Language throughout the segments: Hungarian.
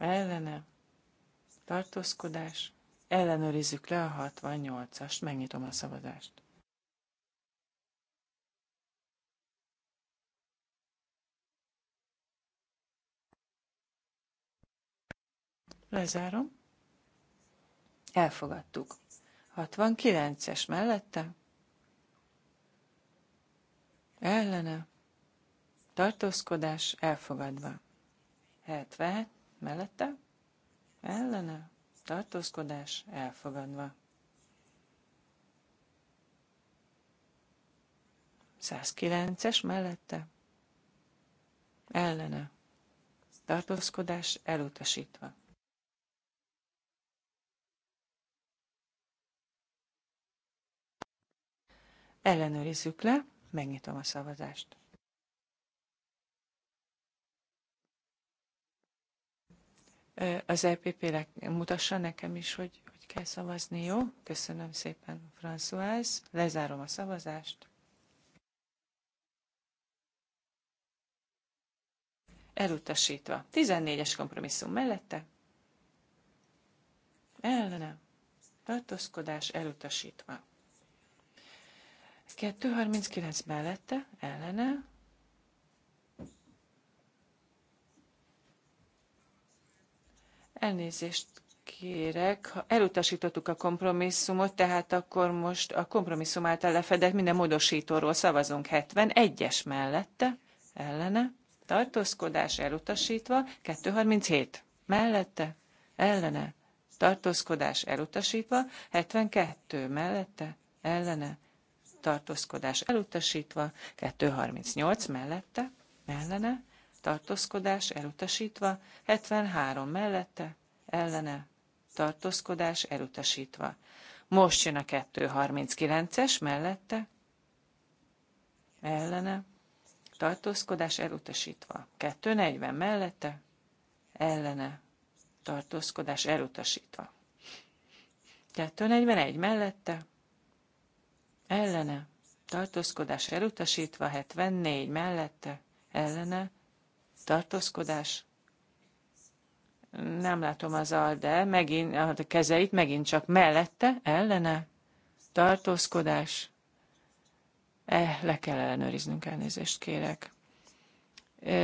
ellene, tartózkodás, ellenőrizzük le a 68-ast, megnyitom a szavazást. Lezárom. Elfogadtuk. 69-es mellette. Ellene. Tartózkodás elfogadva. 77 mellette, ellene, tartózkodás elfogadva. 109-es mellette, ellene, tartózkodás elutasítva. Ellenőrizzük le, megnyitom a szavazást. az EPP-re mutassa nekem is, hogy, hogy kell szavazni, jó? Köszönöm szépen, François. Lezárom a szavazást. Elutasítva. 14-es kompromisszum mellette. Ellenem. Tartózkodás elutasítva. 239 mellette, ellene, Elnézést kérek, ha elutasítottuk a kompromisszumot, tehát akkor most a kompromisszum által lefedett minden módosítóról szavazunk 71-es mellette, ellene, tartózkodás elutasítva, 237 mellette, ellene, tartózkodás elutasítva, 72 mellette, ellene, tartózkodás elutasítva, 238 mellette, ellene, tartózkodás elutasítva, 73 mellette, ellene, tartózkodás elutasítva. Most jön a 239-es mellette, ellene, tartózkodás elutasítva. 240 mellette, ellene, tartózkodás elutasítva. 241 mellette, ellene, tartózkodás elutasítva, 74 mellette, ellene, tartózkodás. Nem látom az de megint a kezeit, megint csak mellette, ellene, tartózkodás. Eh, le kell ellenőriznünk, elnézést kérek.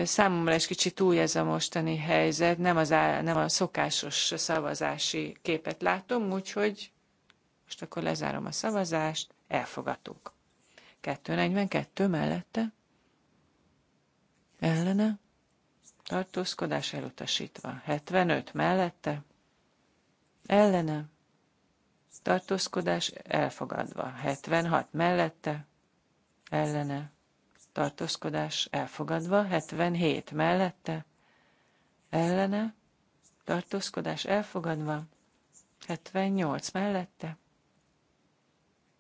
Számomra is kicsit új ez a mostani helyzet, nem, az á, nem a szokásos szavazási képet látom, úgyhogy most akkor lezárom a szavazást, elfogadtuk. 242 mellette, ellene, tartózkodás elutasítva. 75 mellette, ellene, tartózkodás elfogadva. 76 mellette, ellene, tartózkodás elfogadva. 77 mellette, ellene, tartózkodás elfogadva. 78 mellette,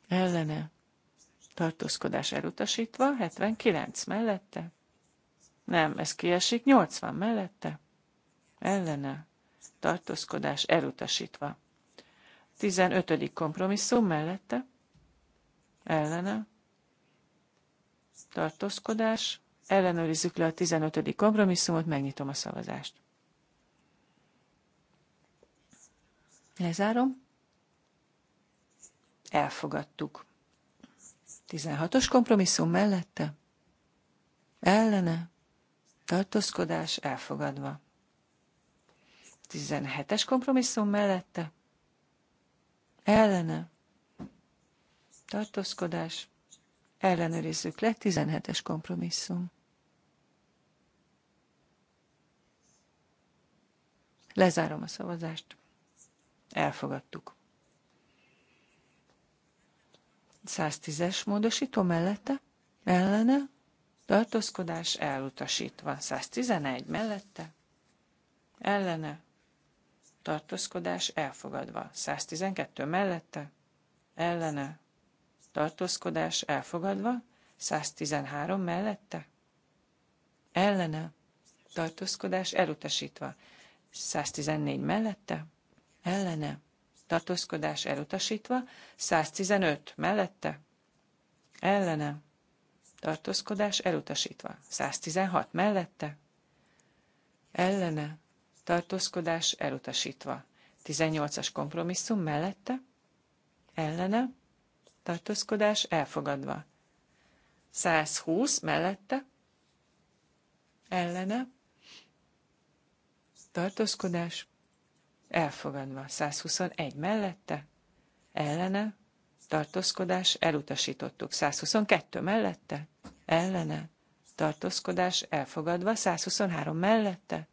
ellene, tartózkodás elutasítva. 79 mellette, nem, ez kiesik. 80 mellette. Ellene. Tartózkodás elutasítva. 15. kompromisszum mellette. Ellene. Tartózkodás. Ellenőrizzük le a 15. kompromisszumot, megnyitom a szavazást. Lezárom. Elfogadtuk. 16-os kompromisszum mellette. Ellene tartózkodás elfogadva. 17-es kompromisszum mellette, ellene, tartózkodás, ellenőrizzük le, 17-es kompromisszum. Lezárom a szavazást. Elfogadtuk. 110-es módosító mellette, ellene, tartózkodás elutasítva. 111 mellette, ellene, tartózkodás elfogadva. 112 mellette, ellene, tartózkodás elfogadva. 113 mellette, ellene, tartózkodás elutasítva. 114 mellette, ellene, tartózkodás elutasítva, 115 mellette, ellene, tartózkodás elutasítva. 116 mellette, ellene, tartózkodás elutasítva. 18-as kompromisszum mellette, ellene, tartózkodás elfogadva. 120 mellette, ellene, tartózkodás elfogadva. 121 mellette, ellene, tartózkodás elutasítottuk. 122 mellette, ellene, tartózkodás elfogadva. 123 mellette,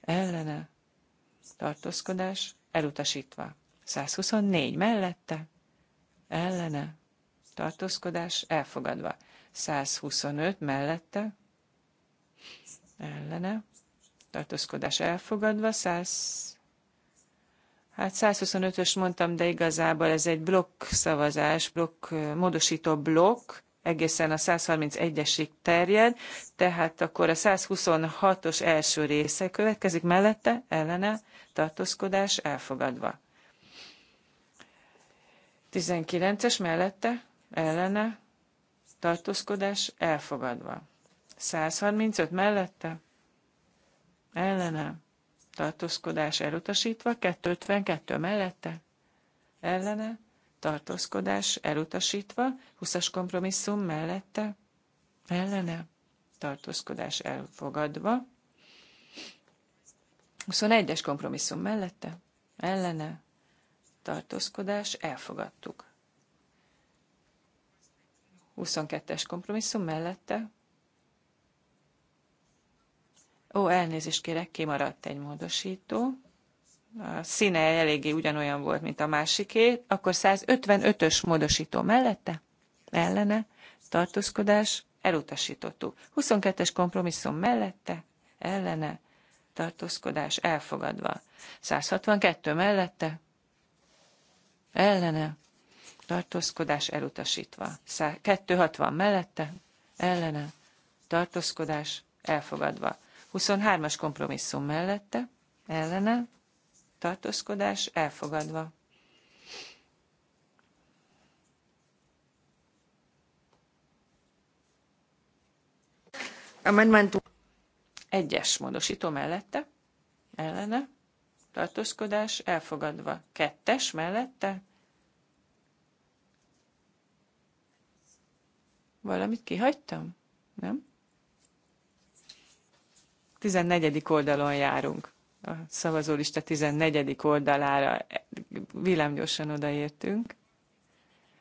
ellene, tartózkodás elutasítva. 124 mellette, ellene, tartózkodás elfogadva. 125 mellette, ellene, tartózkodás elfogadva, 100 Hát 125-ös mondtam, de igazából ez egy blokk szavazás, blokk, módosító blokk, egészen a 131-esig terjed, tehát akkor a 126-os első része következik mellette, ellene, tartózkodás elfogadva. 19-es mellette, ellene, tartózkodás elfogadva. 135 mellette, ellene, tartózkodás elutasítva, 252 mellette, ellene, tartózkodás elutasítva, 20-as kompromisszum mellette, ellene, tartózkodás elfogadva, 21-es kompromisszum mellette, ellene, tartózkodás elfogadtuk. 22-es kompromisszum mellette, Ó, elnézést kérek, kimaradt egy módosító. A színe eléggé ugyanolyan volt, mint a másiké. Akkor 155-ös módosító mellette, ellene, tartózkodás, elutasítottuk. 22-es kompromisszum mellette, ellene, tartózkodás, elfogadva. 162 mellette, ellene, tartózkodás, elutasítva. 260 mellette, ellene, tartózkodás, elfogadva. 23-as kompromisszum mellette, ellene, tartózkodás elfogadva. Amendment egyes módosító mellette, ellene, tartózkodás elfogadva. Kettes mellette, valamit kihagytam? Nem? 14. oldalon járunk. A szavazólista 14. oldalára villámgyorsan odaértünk.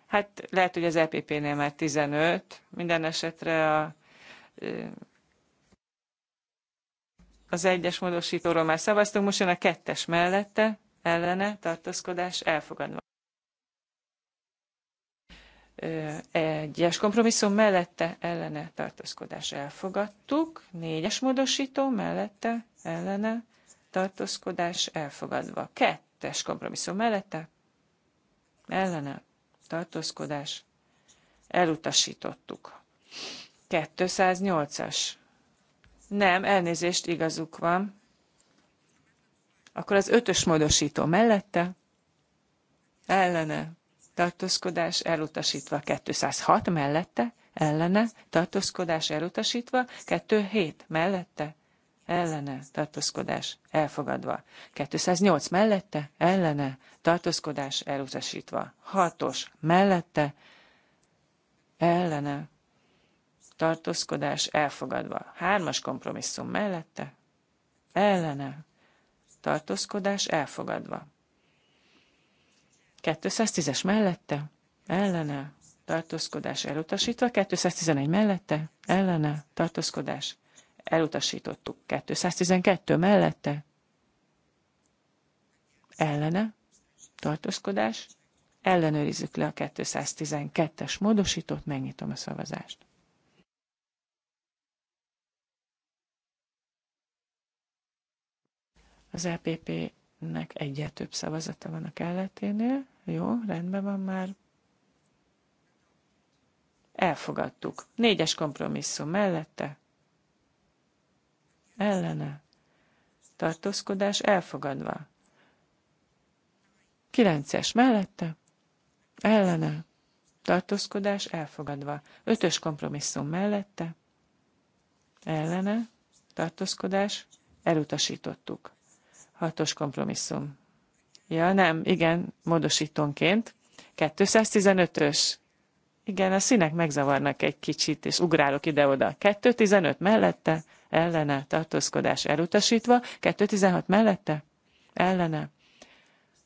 Hát lehet, hogy az EPP-nél már 15, minden esetre a, az egyes módosítóról már szavaztunk, most jön a kettes mellette, ellene, tartózkodás elfogadva egyes kompromisszum mellette ellene tartózkodás elfogadtuk, négyes módosító mellette ellene tartózkodás elfogadva, kettes kompromisszum mellette ellene tartózkodás elutasítottuk. 208-as. Nem, elnézést, igazuk van. Akkor az ötös módosító mellette ellene tartózkodás elutasítva 206 mellette, ellene, tartózkodás elutasítva 27 mellette, ellene, tartózkodás elfogadva. 208 mellette, ellene, tartózkodás elutasítva. 6-os mellette, ellene, tartózkodás elfogadva. 3-as kompromisszum mellette, ellene, tartózkodás elfogadva. 210-es mellette, ellene, tartózkodás elutasítva, 211 mellette, ellene, tartózkodás elutasítottuk, 212 mellette, ellene, tartózkodás, ellenőrizzük le a 212-es módosítót, megnyitom a szavazást. Az lpp e nek egyet több szavazata van a kelleténél. Jó, rendben van már. Elfogadtuk. Négyes kompromisszum mellette. Ellene. Tartózkodás elfogadva. Kilences mellette. Ellene. Tartózkodás elfogadva. Ötös kompromisszum mellette. Ellene. Tartózkodás elutasítottuk. Hatos kompromisszum Ja, nem, igen, módosítónként. 215-ös. Igen, a színek megzavarnak egy kicsit, és ugrálok ide-oda. 215 mellette, ellene, tartózkodás elutasítva. 216 mellette, ellene,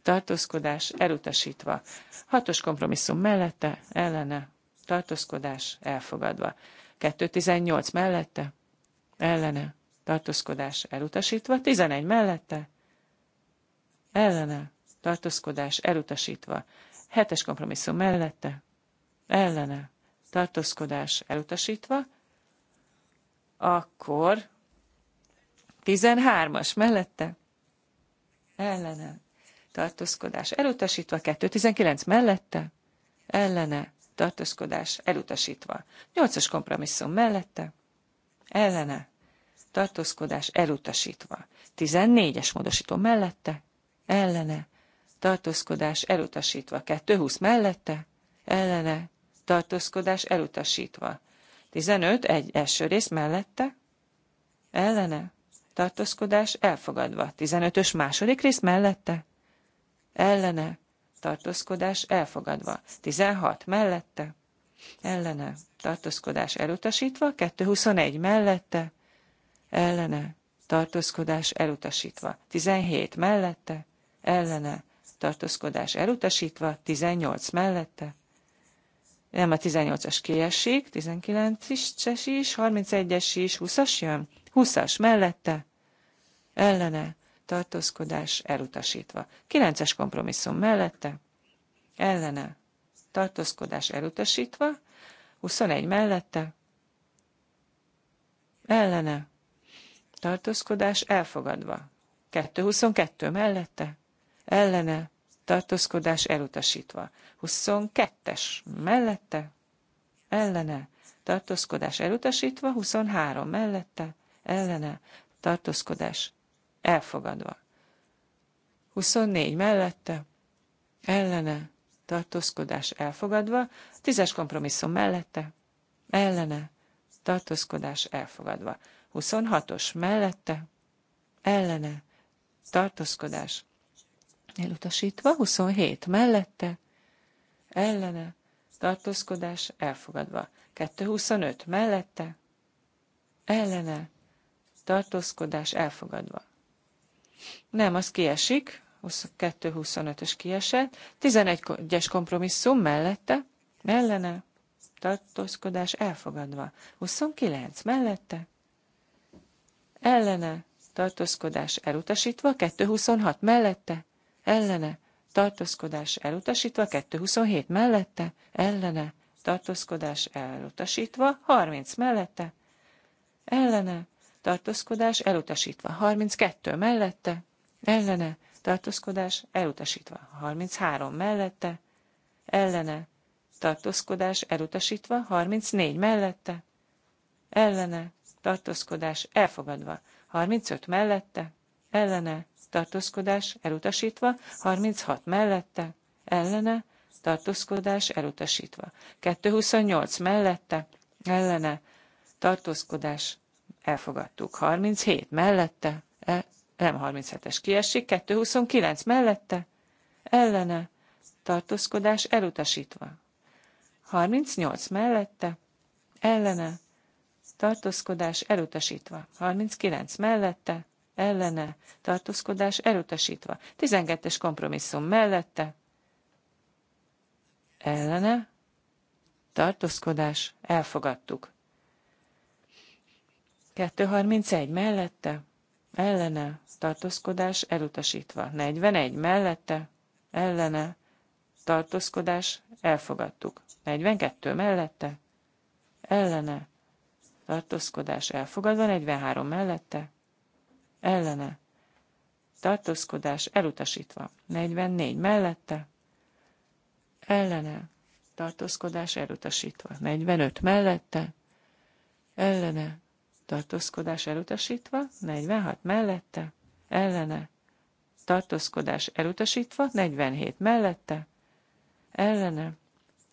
tartózkodás elutasítva. Hatos kompromisszum mellette, ellene, tartózkodás elfogadva. 218 mellette, ellene, tartózkodás elutasítva. 11 mellette, ellene, tartózkodás elutasítva. Hetes kompromisszum mellette, ellene, tartózkodás elutasítva. Akkor 13-as mellette, ellene, tartózkodás elutasítva. 219 mellette, ellene, tartózkodás elutasítva. 8-as kompromisszum mellette, ellene, tartózkodás elutasítva. 14-es módosító mellette, ellene, tartózkodás elutasítva. 220 mellette, ellene, tartózkodás elutasítva. 15 egy első rész mellette, ellene, tartózkodás elfogadva. 15-ös második rész mellette, ellene, tartózkodás elfogadva. 16 mellette, ellene, tartózkodás elutasítva. 221 mellette, ellene, tartózkodás elutasítva. 17 mellette, ellene, tartózkodás elutasítva, 18 mellette, nem a 18-as kiesik, 19-es is, 31-es is, 20-as jön, 20-as mellette, ellene, tartózkodás elutasítva. 9-es kompromisszum mellette, ellene, tartózkodás elutasítva, 21 mellette, ellene, tartózkodás elfogadva, 222 mellette, ellene, tartózkodás elutasítva. 22-es mellette, ellene, tartózkodás elutasítva, 23 mellette, ellene, tartózkodás elfogadva. 24 mellette, ellene, tartózkodás elfogadva, 10-es kompromisszum mellette, ellene, tartózkodás elfogadva. 26-os mellette, ellene, tartózkodás elutasítva, 27 mellette, ellene, tartózkodás elfogadva, 225 mellette, ellene, tartózkodás elfogadva. Nem, az kiesik, 225-ös kiesett, 11-es kompromisszum mellette, ellene, tartózkodás elfogadva, 29 mellette, ellene, tartózkodás elutasítva, 226 mellette, ellene, tartózkodás elutasítva, 227 mellette, ellene, tartózkodás elutasítva, 30 mellette, ellene, tartózkodás elutasítva, 32 mellette, ellene, tartózkodás elutasítva, 33 mellette, ellene, tartózkodás elutasítva, 34 mellette, ellene, tartózkodás elfogadva, 35 mellette, ellene, tartózkodás elutasítva, 36 mellette, ellene, tartózkodás elutasítva. 228 mellette, ellene, tartózkodás elfogadtuk. 37 mellette, e, nem 37-es kiesik, 229 mellette, ellene, tartózkodás elutasítva. 38 mellette, ellene, tartózkodás elutasítva. 39 mellette, ellene tartózkodás elutasítva. 12-es kompromisszum mellette ellene tartózkodás elfogadtuk. 231 mellette ellene tartózkodás elutasítva. 41 mellette ellene tartózkodás elfogadtuk. 42 mellette ellene tartózkodás elfogadva. 43 mellette ellene, tartózkodás elutasítva. 44 mellette, ellene, tartózkodás elutasítva. 45 mellette, ellene, tartózkodás elutasítva. 46 mellette, ellene, tartózkodás elutasítva. 47 mellette, ellene,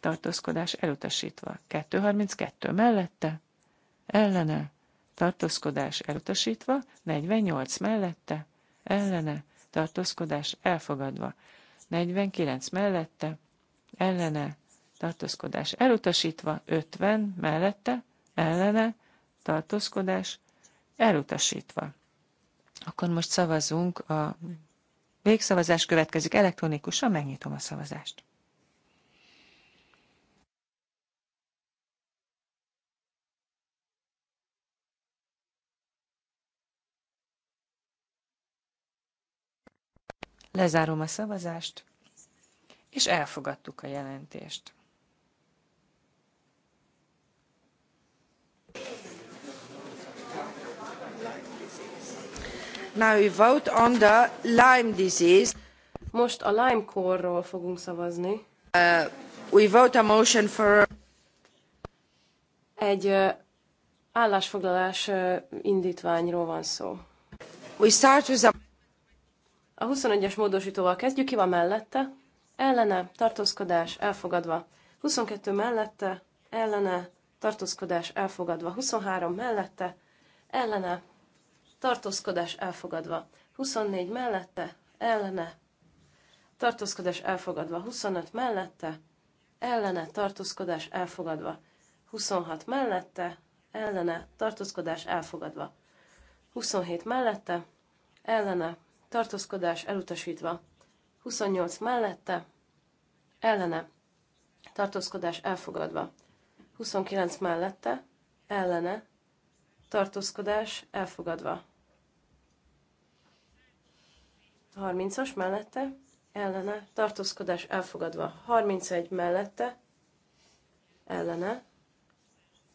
tartózkodás elutasítva. 232 mellette, ellene, tartózkodás elutasítva, 48 mellette, ellene, tartózkodás elfogadva, 49 mellette, ellene, tartózkodás elutasítva, 50 mellette, ellene, tartózkodás elutasítva. Akkor most szavazunk, a végszavazás következik elektronikusan, megnyitom a szavazást. Lezárom a szavazást, és elfogadtuk a jelentést. Now we vote on the Lyme disease. Most a Lyme-korról fogunk szavazni. Uh, we vote a motion for... Egy uh, állásfoglalás uh, indítványról van szó. We start with a... A 21-es módosítóval kezdjük, ki van mellette? Ellene, tartózkodás, elfogadva. 22 mellette, ellene, tartózkodás, elfogadva. 23 mellette, ellene, tartózkodás, elfogadva. 24 mellette, ellene, tartózkodás, elfogadva. 25 mellette, ellene, tartózkodás, elfogadva. 26 mellette, ellene, tartózkodás, elfogadva. 27 mellette, ellene, tartózkodás elutasítva. 28 mellette, ellene, tartózkodás elfogadva. 29 mellette, ellene, tartózkodás elfogadva. 30-as mellette, ellene, tartózkodás elfogadva. 31 mellette, ellene,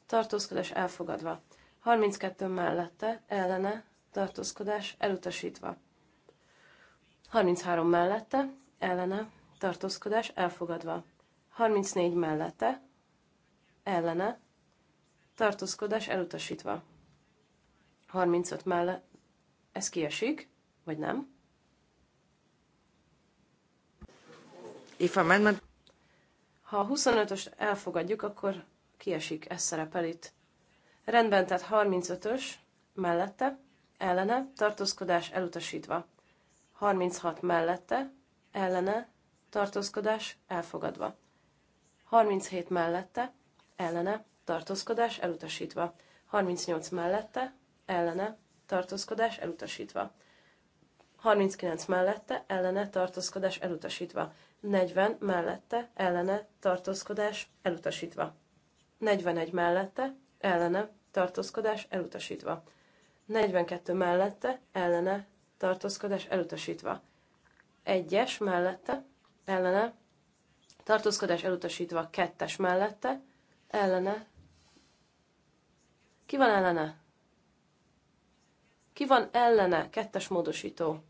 tartózkodás elfogadva. 32 mellette, ellene, tartózkodás elutasítva. 33 mellette, ellene, tartózkodás elfogadva. 34 mellette, ellene, tartózkodás elutasítva. 35 mellette, ez kiesik, vagy nem? If amendment... Ha a 25-öst elfogadjuk, akkor kiesik, ez szerepel itt. Rendben, tehát 35-ös mellette, ellene, tartózkodás elutasítva. 36 mellette, ellene, tartózkodás elfogadva. 37 mellette, ellene, tartózkodás elutasítva. 38 mellette, ellene, tartózkodás elutasítva. 39 mellette, ellene, tartózkodás elutasítva. 40 mellette, ellene, tartózkodás elutasítva. 41 mellette, ellene, tartózkodás elutasítva. 42 mellette, ellene, tartózkodás elutasítva. Egyes mellette, ellene, tartózkodás elutasítva, kettes mellette, ellene. Ki van ellene? Ki van ellene? Kettes módosító.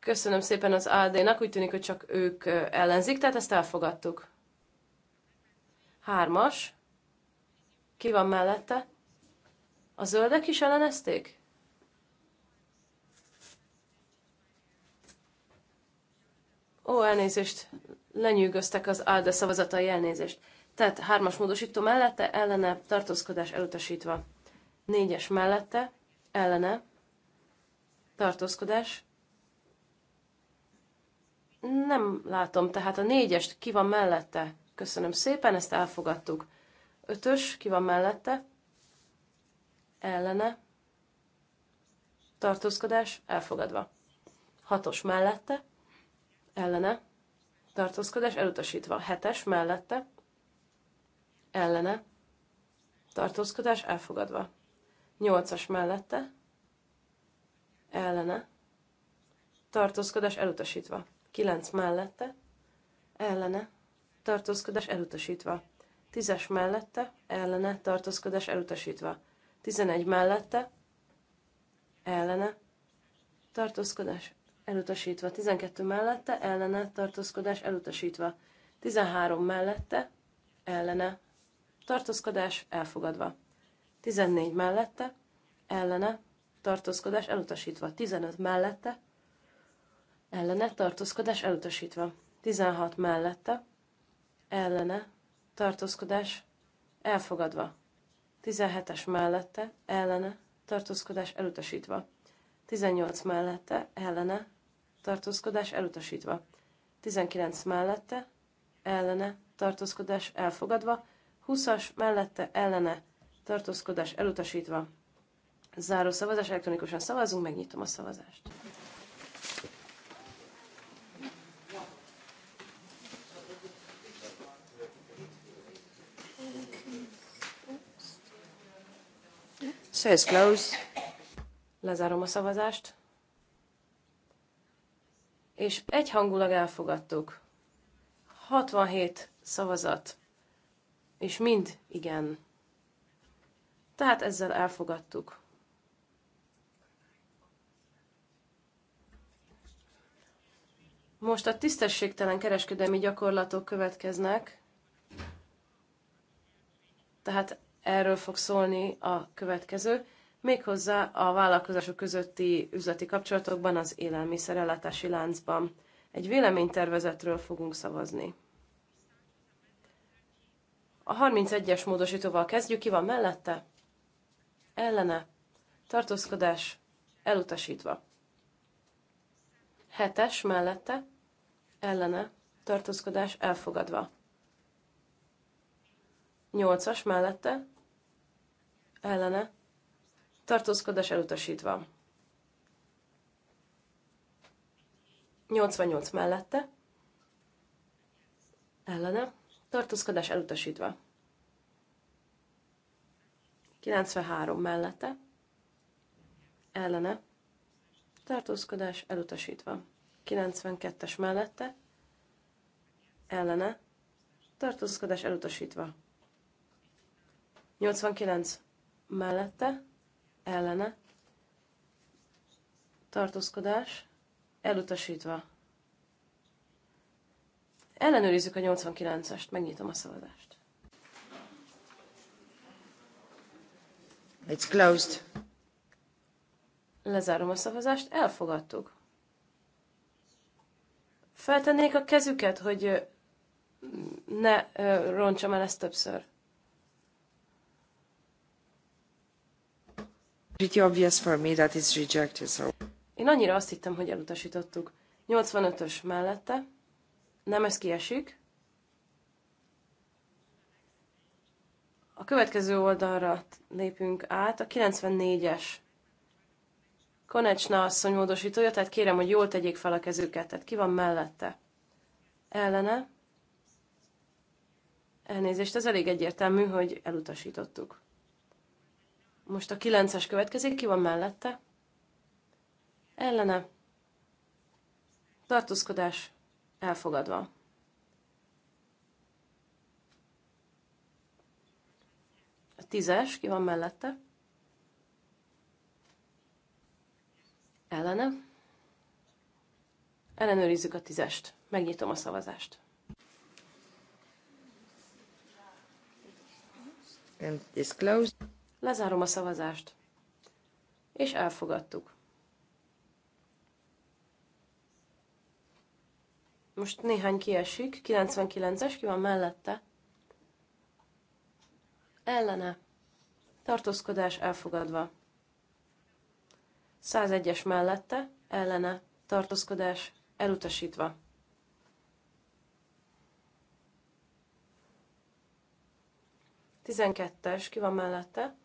Köszönöm szépen az AD-nak, úgy tűnik, hogy csak ők ellenzik, tehát ezt elfogadtuk. Hármas. Ki van mellette? A zöldek is ellenezték? Ó, elnézést, lenyűgöztek az ALDE szavazatai elnézést. Tehát hármas módosító mellette, ellene, tartózkodás elutasítva. Négyes mellette, ellene, tartózkodás. Nem látom, tehát a négyest ki van mellette? Köszönöm szépen, ezt elfogadtuk. Ötös, ki van mellette? ellene, tartózkodás elfogadva. Hatos mellette, ellene, tartózkodás elutasítva. Hetes mellette, ellene, tartózkodás elfogadva. Nyolcas mellette, ellene, tartózkodás elutasítva. Kilenc mellette, ellene, tartózkodás elutasítva. Tízes mellette, ellene, tartózkodás elutasítva. 11 mellette, ellene, tartózkodás elutasítva. 12 mellette, ellene, tartózkodás elutasítva. 13 mellette, ellene, tartózkodás elfogadva. 14 mellette, ellene, tartózkodás elutasítva. 15 mellette, ellene, tartózkodás elutasítva. 16 mellette, ellene, tartózkodás elfogadva. 17-es mellette, ellene, tartózkodás elutasítva. 18 mellette, ellene, tartózkodás elutasítva. 19 mellette, ellene, tartózkodás elfogadva. 20-as mellette, ellene, tartózkodás elutasítva. Záró szavazás, elektronikusan szavazunk, megnyitom a szavazást. So it's Lezárom a szavazást. És egyhangulag elfogadtuk. 67 szavazat. És mind igen. Tehát ezzel elfogadtuk. Most a tisztességtelen kereskedelmi gyakorlatok következnek. Tehát erről fog szólni a következő, méghozzá a vállalkozások közötti üzleti kapcsolatokban az élelmiszerellátási láncban. Egy véleménytervezetről fogunk szavazni. A 31-es módosítóval kezdjük, ki van mellette? Ellene. Tartózkodás. Elutasítva. 7-es mellette. Ellene. Tartózkodás elfogadva. 8-as mellette ellene, tartózkodás elutasítva. 88 mellette, ellene, tartózkodás elutasítva. 93 mellette, ellene, tartózkodás elutasítva. 92-es mellette, ellene, tartózkodás elutasítva. 89 mellette, ellene, tartózkodás, elutasítva. Ellenőrizzük a 89-est, megnyitom a szavazást. It's closed. Lezárom a szavazást, elfogadtuk. Feltennék a kezüket, hogy ne roncsam el ezt többször. pretty obvious for me that it's rejected, so... Én annyira azt hittem, hogy elutasítottuk. 85-ös mellette. Nem ez kiesik. A következő oldalra lépünk át, a 94-es. Konecsna asszony módosítója, tehát kérem, hogy jól tegyék fel a kezüket, tehát ki van mellette. Ellene. Elnézést, ez elég egyértelmű, hogy elutasítottuk. Most a 9-es következik, ki van mellette? Ellene. Tartózkodás elfogadva. A 10-es, ki van mellette? Ellene. Ellenőrizzük a tízest. Megnyitom a szavazást. And is closed. Lezárom a szavazást. És elfogadtuk. Most néhány kiesik. 99-es, ki van mellette? Ellene. Tartózkodás elfogadva. 101-es mellette, ellene, tartózkodás elutasítva. Tizenkettes, ki van mellette?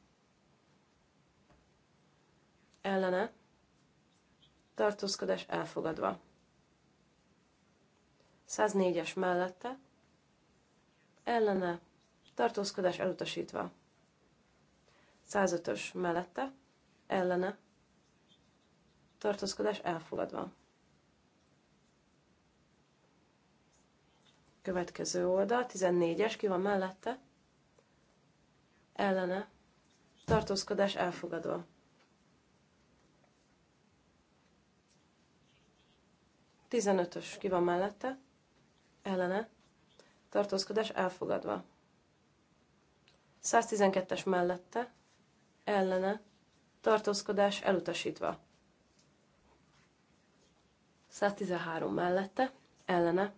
ellene tartózkodás elfogadva. 104-es mellette ellene tartózkodás elutasítva. 105-ös mellette ellene tartózkodás elfogadva. Következő oldal, 14-es, ki van mellette? Ellene. Tartózkodás elfogadva. 15-ös ki van mellette, ellene, tartózkodás elfogadva. 112-es mellette, ellene, tartózkodás elutasítva. 113 mellette, ellene.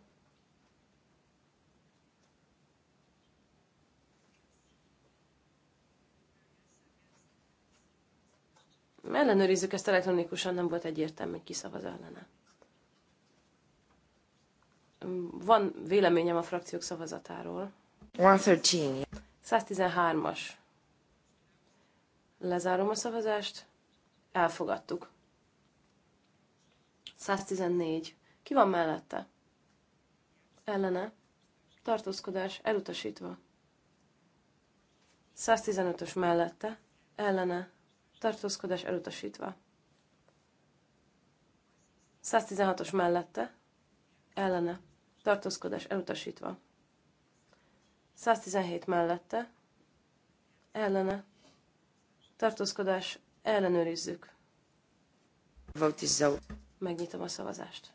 Ellenőrizzük ezt elektronikusan, nem volt egyértelmű, hogy ki szavaz ellene. Van véleményem a frakciók szavazatáról. 113. 113-as. Lezárom a szavazást. Elfogadtuk. 114. Ki van mellette? Ellene. Tartózkodás elutasítva. 115-ös mellette. Ellene. Tartózkodás elutasítva. 116-os mellette. Ellene tartózkodás elutasítva. 117 mellette, ellene, tartózkodás ellenőrizzük. Vote is out. Megnyitom a szavazást.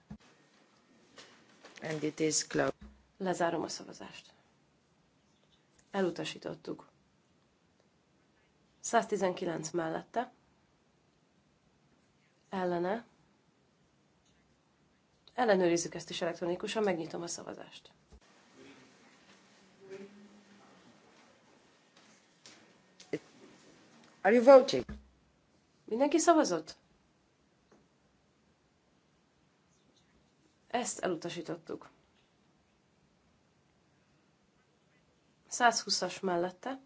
And it is closed. Lezárom a szavazást. Elutasítottuk. 119 mellette, ellene, Ellenőrizzük ezt is elektronikusan, megnyitom a szavazást. Are you voting? Mindenki szavazott? Ezt elutasítottuk. 120-as mellette,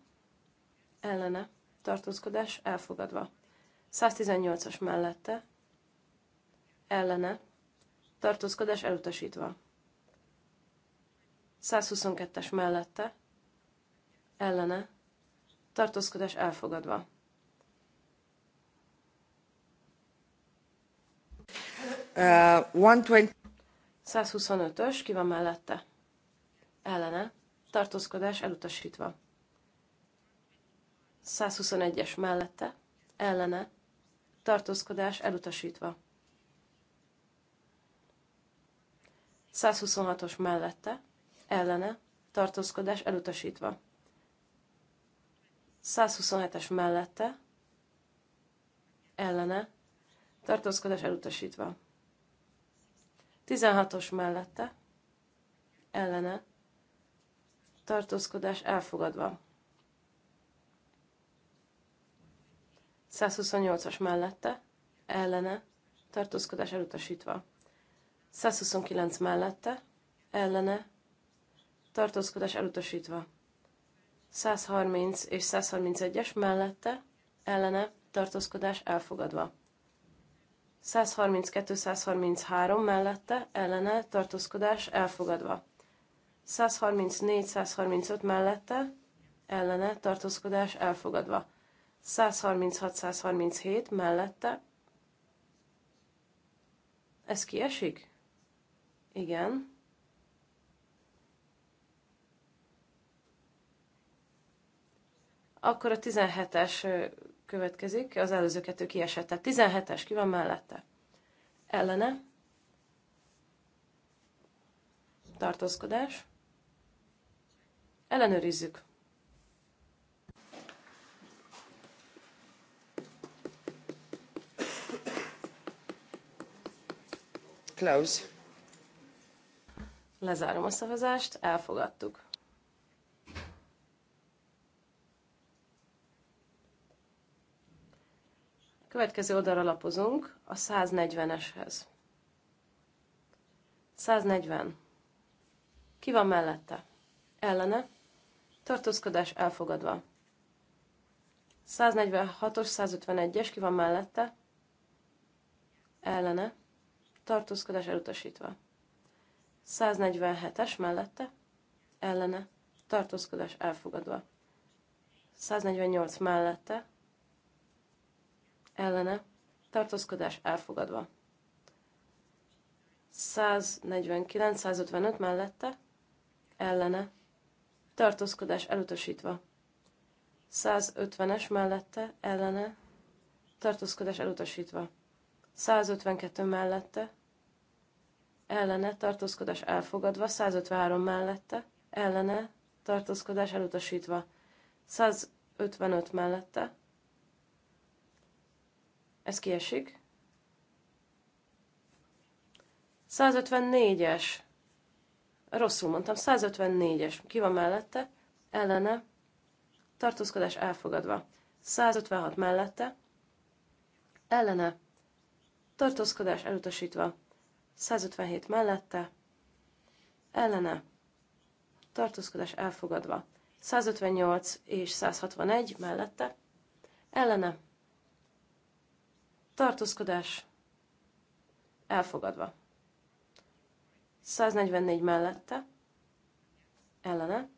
ellene, tartózkodás elfogadva. 118-as mellette, ellene, tartózkodás elutasítva. 122-es mellette, ellene, tartózkodás elfogadva. Uh, 125-ös, ki van mellette? Ellene, tartózkodás elutasítva. 121-es mellette, ellene, tartózkodás elutasítva. 126-os mellette, ellene, tartózkodás elutasítva. 127-es mellette, ellene, tartózkodás elutasítva. 16-os mellette, ellene, tartózkodás elfogadva. 128-as mellette, ellene, tartózkodás elutasítva. 129 mellette, ellene, tartózkodás elutasítva. 130 és 131-es mellette, ellene, tartózkodás elfogadva. 132-133 mellette, ellene, tartózkodás elfogadva. 134-135 mellette, ellene, tartózkodás elfogadva. 136-137 mellette, ez kiesik? Igen. Akkor a 17-es következik, az előző kettő kiesett. Tehát 17-es, ki van mellette? Ellene. Tartózkodás. Ellenőrizzük. Close. Lezárom a szavazást, elfogadtuk. Következő oldalra lapozunk, a 140-eshez. 140. Ki van mellette? Ellene. Tartózkodás elfogadva. 146-os, 151-es, ki van mellette? Ellene. Tartózkodás elutasítva. 147-es mellette, ellene, tartózkodás elfogadva. 148 mellette, ellene, tartózkodás elfogadva. 149-155 mellette, ellene, tartózkodás elutasítva. 150-es mellette, ellene, tartózkodás elutasítva. 152 mellette, ellene tartózkodás elfogadva, 153 mellette, ellene tartózkodás elutasítva, 155 mellette. Ez kiesik. 154-es. Rosszul mondtam, 154-es. Ki van mellette? Ellene. Tartózkodás elfogadva. 156 mellette. Ellene. Tartózkodás elutasítva. 157 mellette, ellene, tartózkodás elfogadva. 158 és 161 mellette, ellene, tartózkodás elfogadva. 144 mellette, ellene,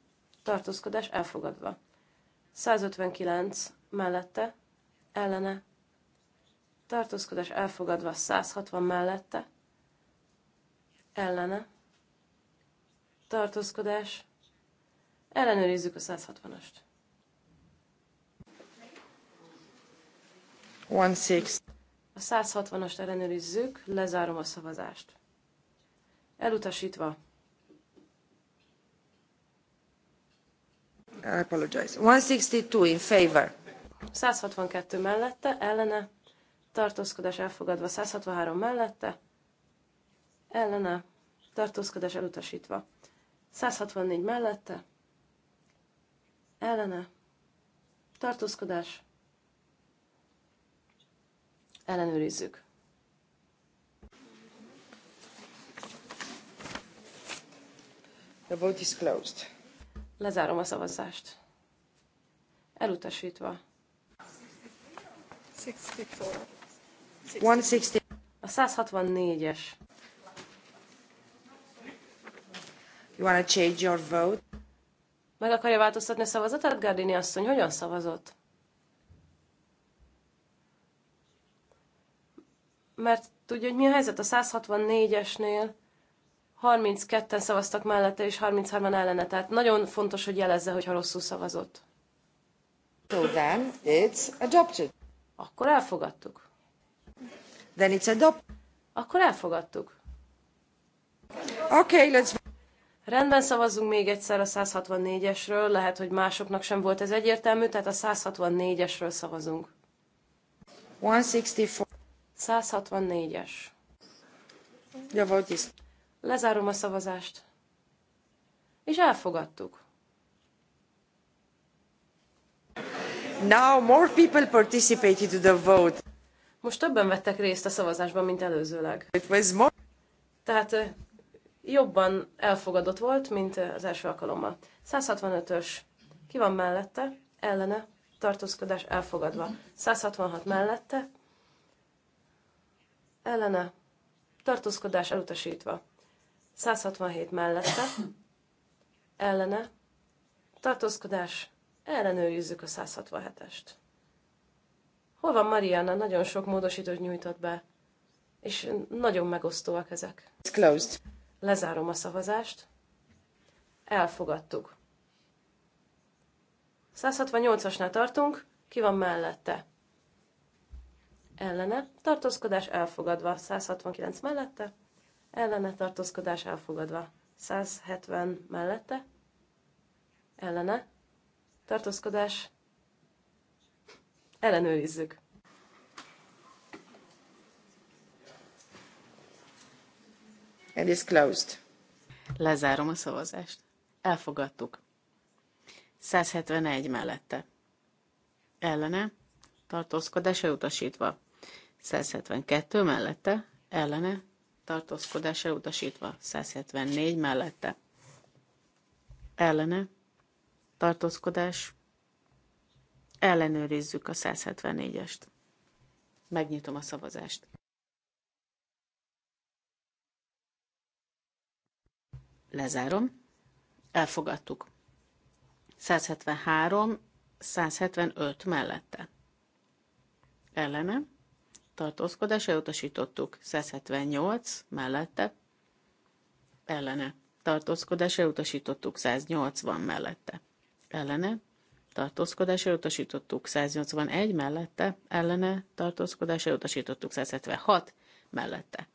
tartózkodás elfogadva. 159 mellette, ellene, tartózkodás elfogadva 160 mellette, ellene, tartózkodás, ellenőrizzük a 160-ast. One six. A 160-ast ellenőrizzük, lezárom a szavazást. Elutasítva. I apologize. 162 in favor. 162 mellette, ellene, tartózkodás elfogadva 163 mellette, ellene, tartózkodás elutasítva. 164 mellette, ellene, tartózkodás, ellenőrizzük. The vote is closed. Lezárom a szavazást. Elutasítva. 164. A 164-es. You wanna change your vote? Meg akarja változtatni a szavazatát, Gardini asszony? Hogyan szavazott? Mert tudja, hogy mi a helyzet a 164-esnél? 32-en szavaztak mellette, és 33 an ellene. Tehát nagyon fontos, hogy jelezze, hogyha rosszul szavazott. So then it's adopted. Akkor elfogadtuk. Then it's adopted. Akkor elfogadtuk. Okay, let's... Rendben, szavazzunk még egyszer a 164-esről, lehet, hogy másoknak sem volt ez egyértelmű, tehát a 164-esről szavazunk. 164. 164-es. Ja, is. Lezárom a szavazást. És elfogadtuk. Now more people participated to the vote. Most többen vettek részt a szavazásban, mint előzőleg. It was more... Tehát jobban elfogadott volt, mint az első alkalommal. 165-ös. Ki van mellette? Ellene. Tartózkodás elfogadva. 166 mellette. Ellene. Tartózkodás elutasítva. 167 mellette. Ellene. Tartózkodás. Ellenőrizzük a 167-est. Hol van Mariana? Nagyon sok módosítót nyújtott be. És nagyon megosztóak ezek. It's closed. Lezárom a szavazást. Elfogadtuk. 168-asnál tartunk, ki van mellette? Ellene, tartózkodás elfogadva. 169 mellette, ellene, tartózkodás elfogadva. 170 mellette, ellene, tartózkodás, ellenőrizzük. And is closed. Lezárom a szavazást. Elfogadtuk. 171 mellette. Ellene. Tartózkodás elutasítva. 172 mellette. Ellene. Tartózkodás elutasítva. 174 mellette. Ellene. Tartózkodás. Ellenőrizzük a 174-est. Megnyitom a szavazást. Lezárom. Elfogadtuk. 173, 175 mellette. Ellene. Tartózkodás elutasítottuk. 178 mellette. Ellene. Tartózkodás elutasítottuk. 180 mellette. Ellene. Tartózkodás elutasítottuk. 181 mellette. Ellene. Tartózkodás elutasítottuk. 176 mellette.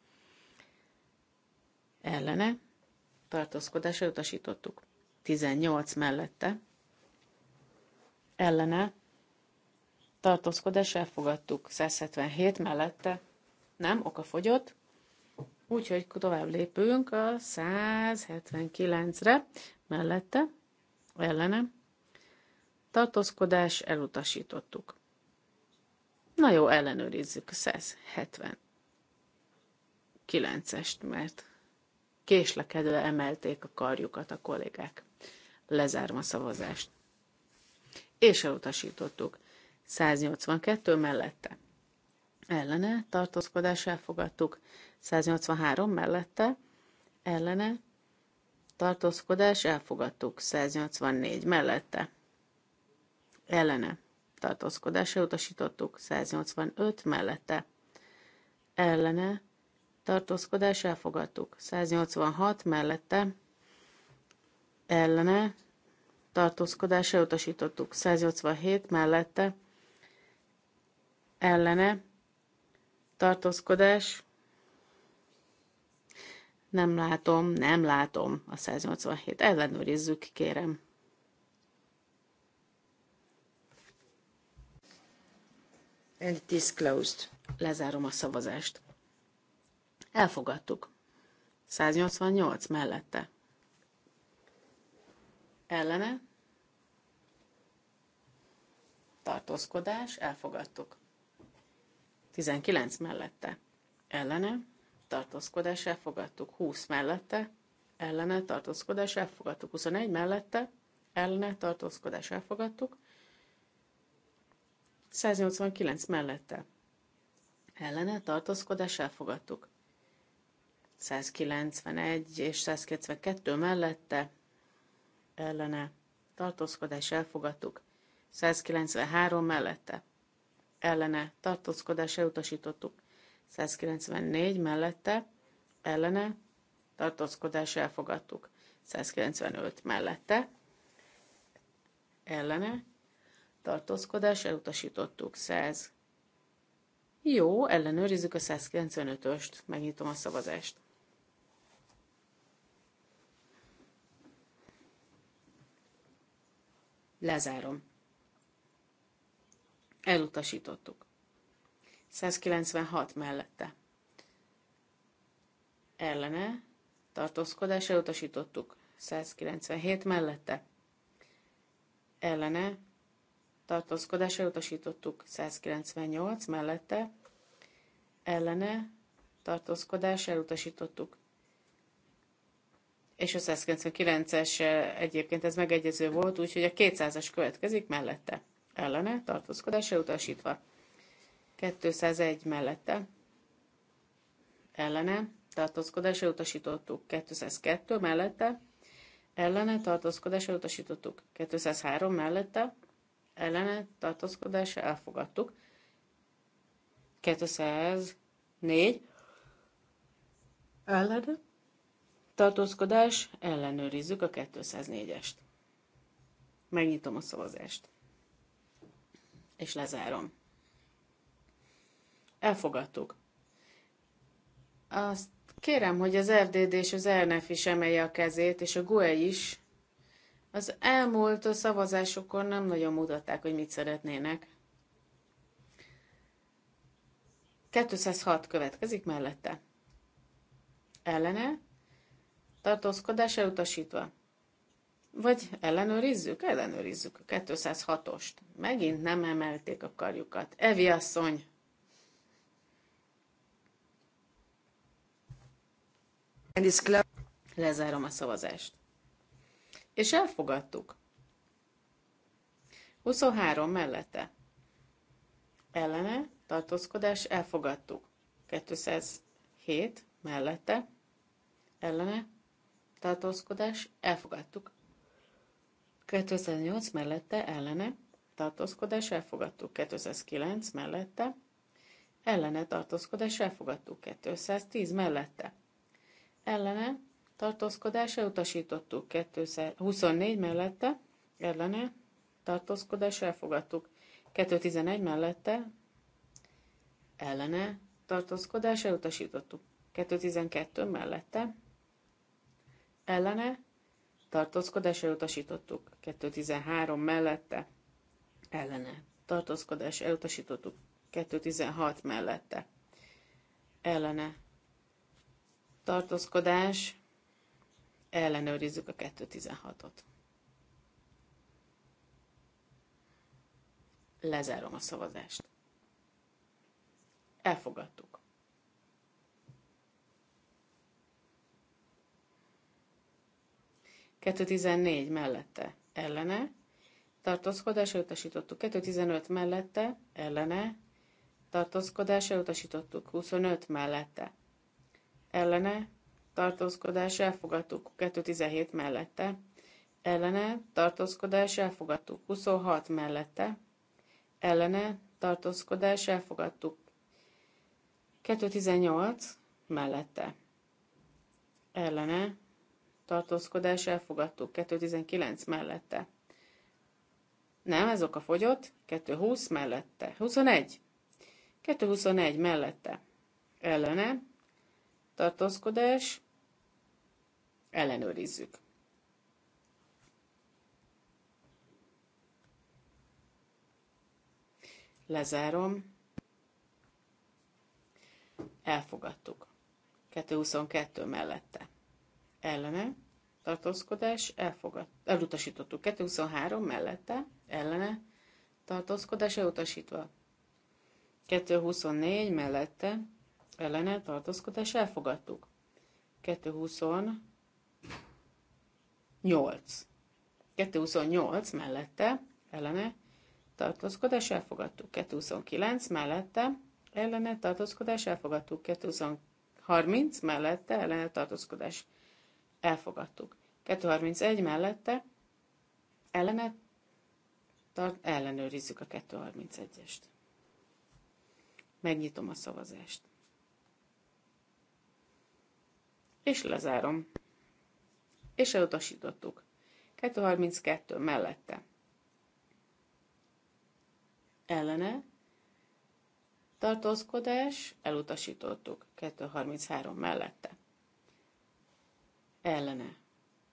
Ellene tartózkodás utasítottuk. 18 mellette, ellene, tartózkodás elfogadtuk. 177 mellette, nem, oka fogyott, úgyhogy tovább lépünk a 179-re, mellette, ellene, tartózkodás elutasítottuk. Na jó, ellenőrizzük 179-est, mert Késlekedve emelték a karjukat a kollégák. Lezárom a szavazást. És elutasítottuk. 182 mellette. Ellene tartózkodás elfogadtuk. 183 mellette. Ellene tartózkodás elfogadtuk. 184 mellette. Ellene tartózkodás elutasítottuk. 185 mellette. Ellene tartózkodás elfogadtuk. 186 mellette ellene tartózkodás elutasítottuk. 187 mellette ellene tartózkodás nem látom, nem látom a 187. Ellenőrizzük, kérem. And it is closed. Lezárom a szavazást. Elfogadtuk. 188 mellette. Ellene. Tartózkodás. Elfogadtuk. 19 mellette. Ellene. Tartózkodás. Elfogadtuk. 20 mellette. Ellene. Tartózkodás. Elfogadtuk. 21 mellette. Ellene. Tartózkodás. Elfogadtuk. 189 mellette. Ellene. Tartózkodás. Elfogadtuk. 191 és 192 mellette ellene tartózkodás elfogadtuk, 193 mellette ellene tartózkodás elutasítottuk, 194 mellette ellene tartózkodás elfogadtuk, 195 mellette ellene tartózkodás elutasítottuk, 100 jó, ellenőrizzük a 195-öst, megnyitom a szavazást. Lezárom. Elutasítottuk. 196 mellette. Ellene. Tartózkodás elutasítottuk. 197 mellette. Ellene. Tartózkodás elutasítottuk. 198 mellette. Ellene. Tartózkodás elutasítottuk és a 199-es eh, egyébként ez megegyező volt, úgyhogy a 200-as következik mellette. Ellene, tartózkodásra utasítva. 201 mellette. Ellene, tartózkodásra utasítottuk. 202 mellette. Ellene, tartózkodásra utasítottuk. 203 mellette. Ellene, tartózkodásra elfogadtuk. 204 ellene, tartózkodás, ellenőrizzük a 204-est. Megnyitom a szavazást. És lezárom. Elfogadtuk. Azt kérem, hogy az FDD és az RNF is emelje a kezét, és a GUE is. Az elmúlt a szavazásokon nem nagyon mutatták, hogy mit szeretnének. 206 következik mellette. Ellene tartózkodás elutasítva. Vagy ellenőrizzük, ellenőrizzük a 206-ost. Megint nem emelték a karjukat. Evi asszony! Lezárom a szavazást. És elfogadtuk. 23 mellette. Ellene, tartózkodás, elfogadtuk. 207 mellette, ellene, tartózkodás, elfogadtuk. 2008 mellette, ellene, tartózkodás, elfogadtuk. 209 mellette, ellene, tartózkodás, elfogadtuk. 210 mellette, ellene, tartózkodás, elutasítottuk. 224 mellette, ellene, tartózkodás, elfogadtuk. 211 mellette, ellene, tartózkodás, elutasítottuk. 212 mellette, ellene, tartózkodás elutasítottuk. 213 mellette, ellene, tartózkodás elutasítottuk. 216 mellette, ellene, tartózkodás, ellenőrizzük a 216-ot. Lezárom a szavazást. Elfogadtuk. 214 mellette ellene, tartózkodás elutasítottuk 215 mellette ellene, tartózkodás elutasítottuk 25 mellette ellene, tartózkodás elfogadtuk 217 mellette ellene, tartózkodás elfogadtuk 26 mellette ellene, tartózkodás elfogadtuk 218 mellette ellene, tartózkodás elfogadtuk 219 mellette. Nem, ez oka fogyott. 220 mellette. 21. 221 mellette. Ellene. Tartózkodás. Ellenőrizzük. Lezárom. Elfogadtuk. 222 mellette ellene, tartózkodás, elfogad, elutasítottuk. 223 mellette, ellene, tartózkodás elutasítva. 224 mellette, ellene, tartózkodás elfogadtuk. 228. 228 mellette, ellene, tartózkodás elfogadtuk. 229 mellette, ellene, tartózkodás elfogadtuk. 230 mellette, ellene, tartózkodás Elfogadtuk. 231 mellette ellene tart, ellenőrizzük a 231-est. Megnyitom a szavazást. És lezárom. És elutasítottuk. 232 mellette. Ellene tartózkodás, elutasítottuk 233 mellette ellene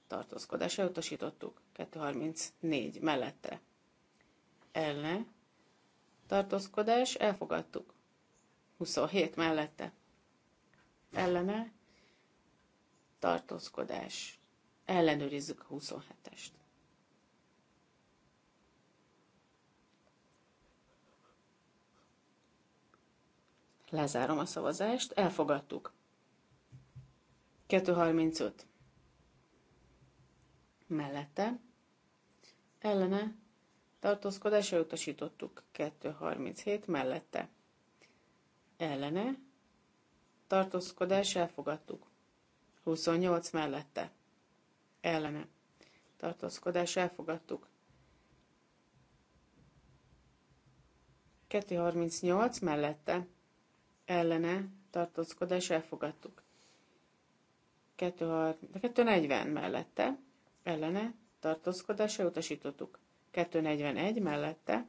tartózkodás elutasítottuk. 234 mellette ellene tartózkodás elfogadtuk. 27 mellette ellene tartózkodás. Ellenőrizzük a 27-est. Lezárom a szavazást, elfogadtuk. 235 mellette, ellene, tartózkodásra utasítottuk 237 mellette, ellene, tartózkodás elfogadtuk 28 mellette, ellene, tartózkodás elfogadtuk 238 mellette, ellene, tartózkodás elfogadtuk 240 mellette, ellene tartózkodás elutasítottuk. 241 mellette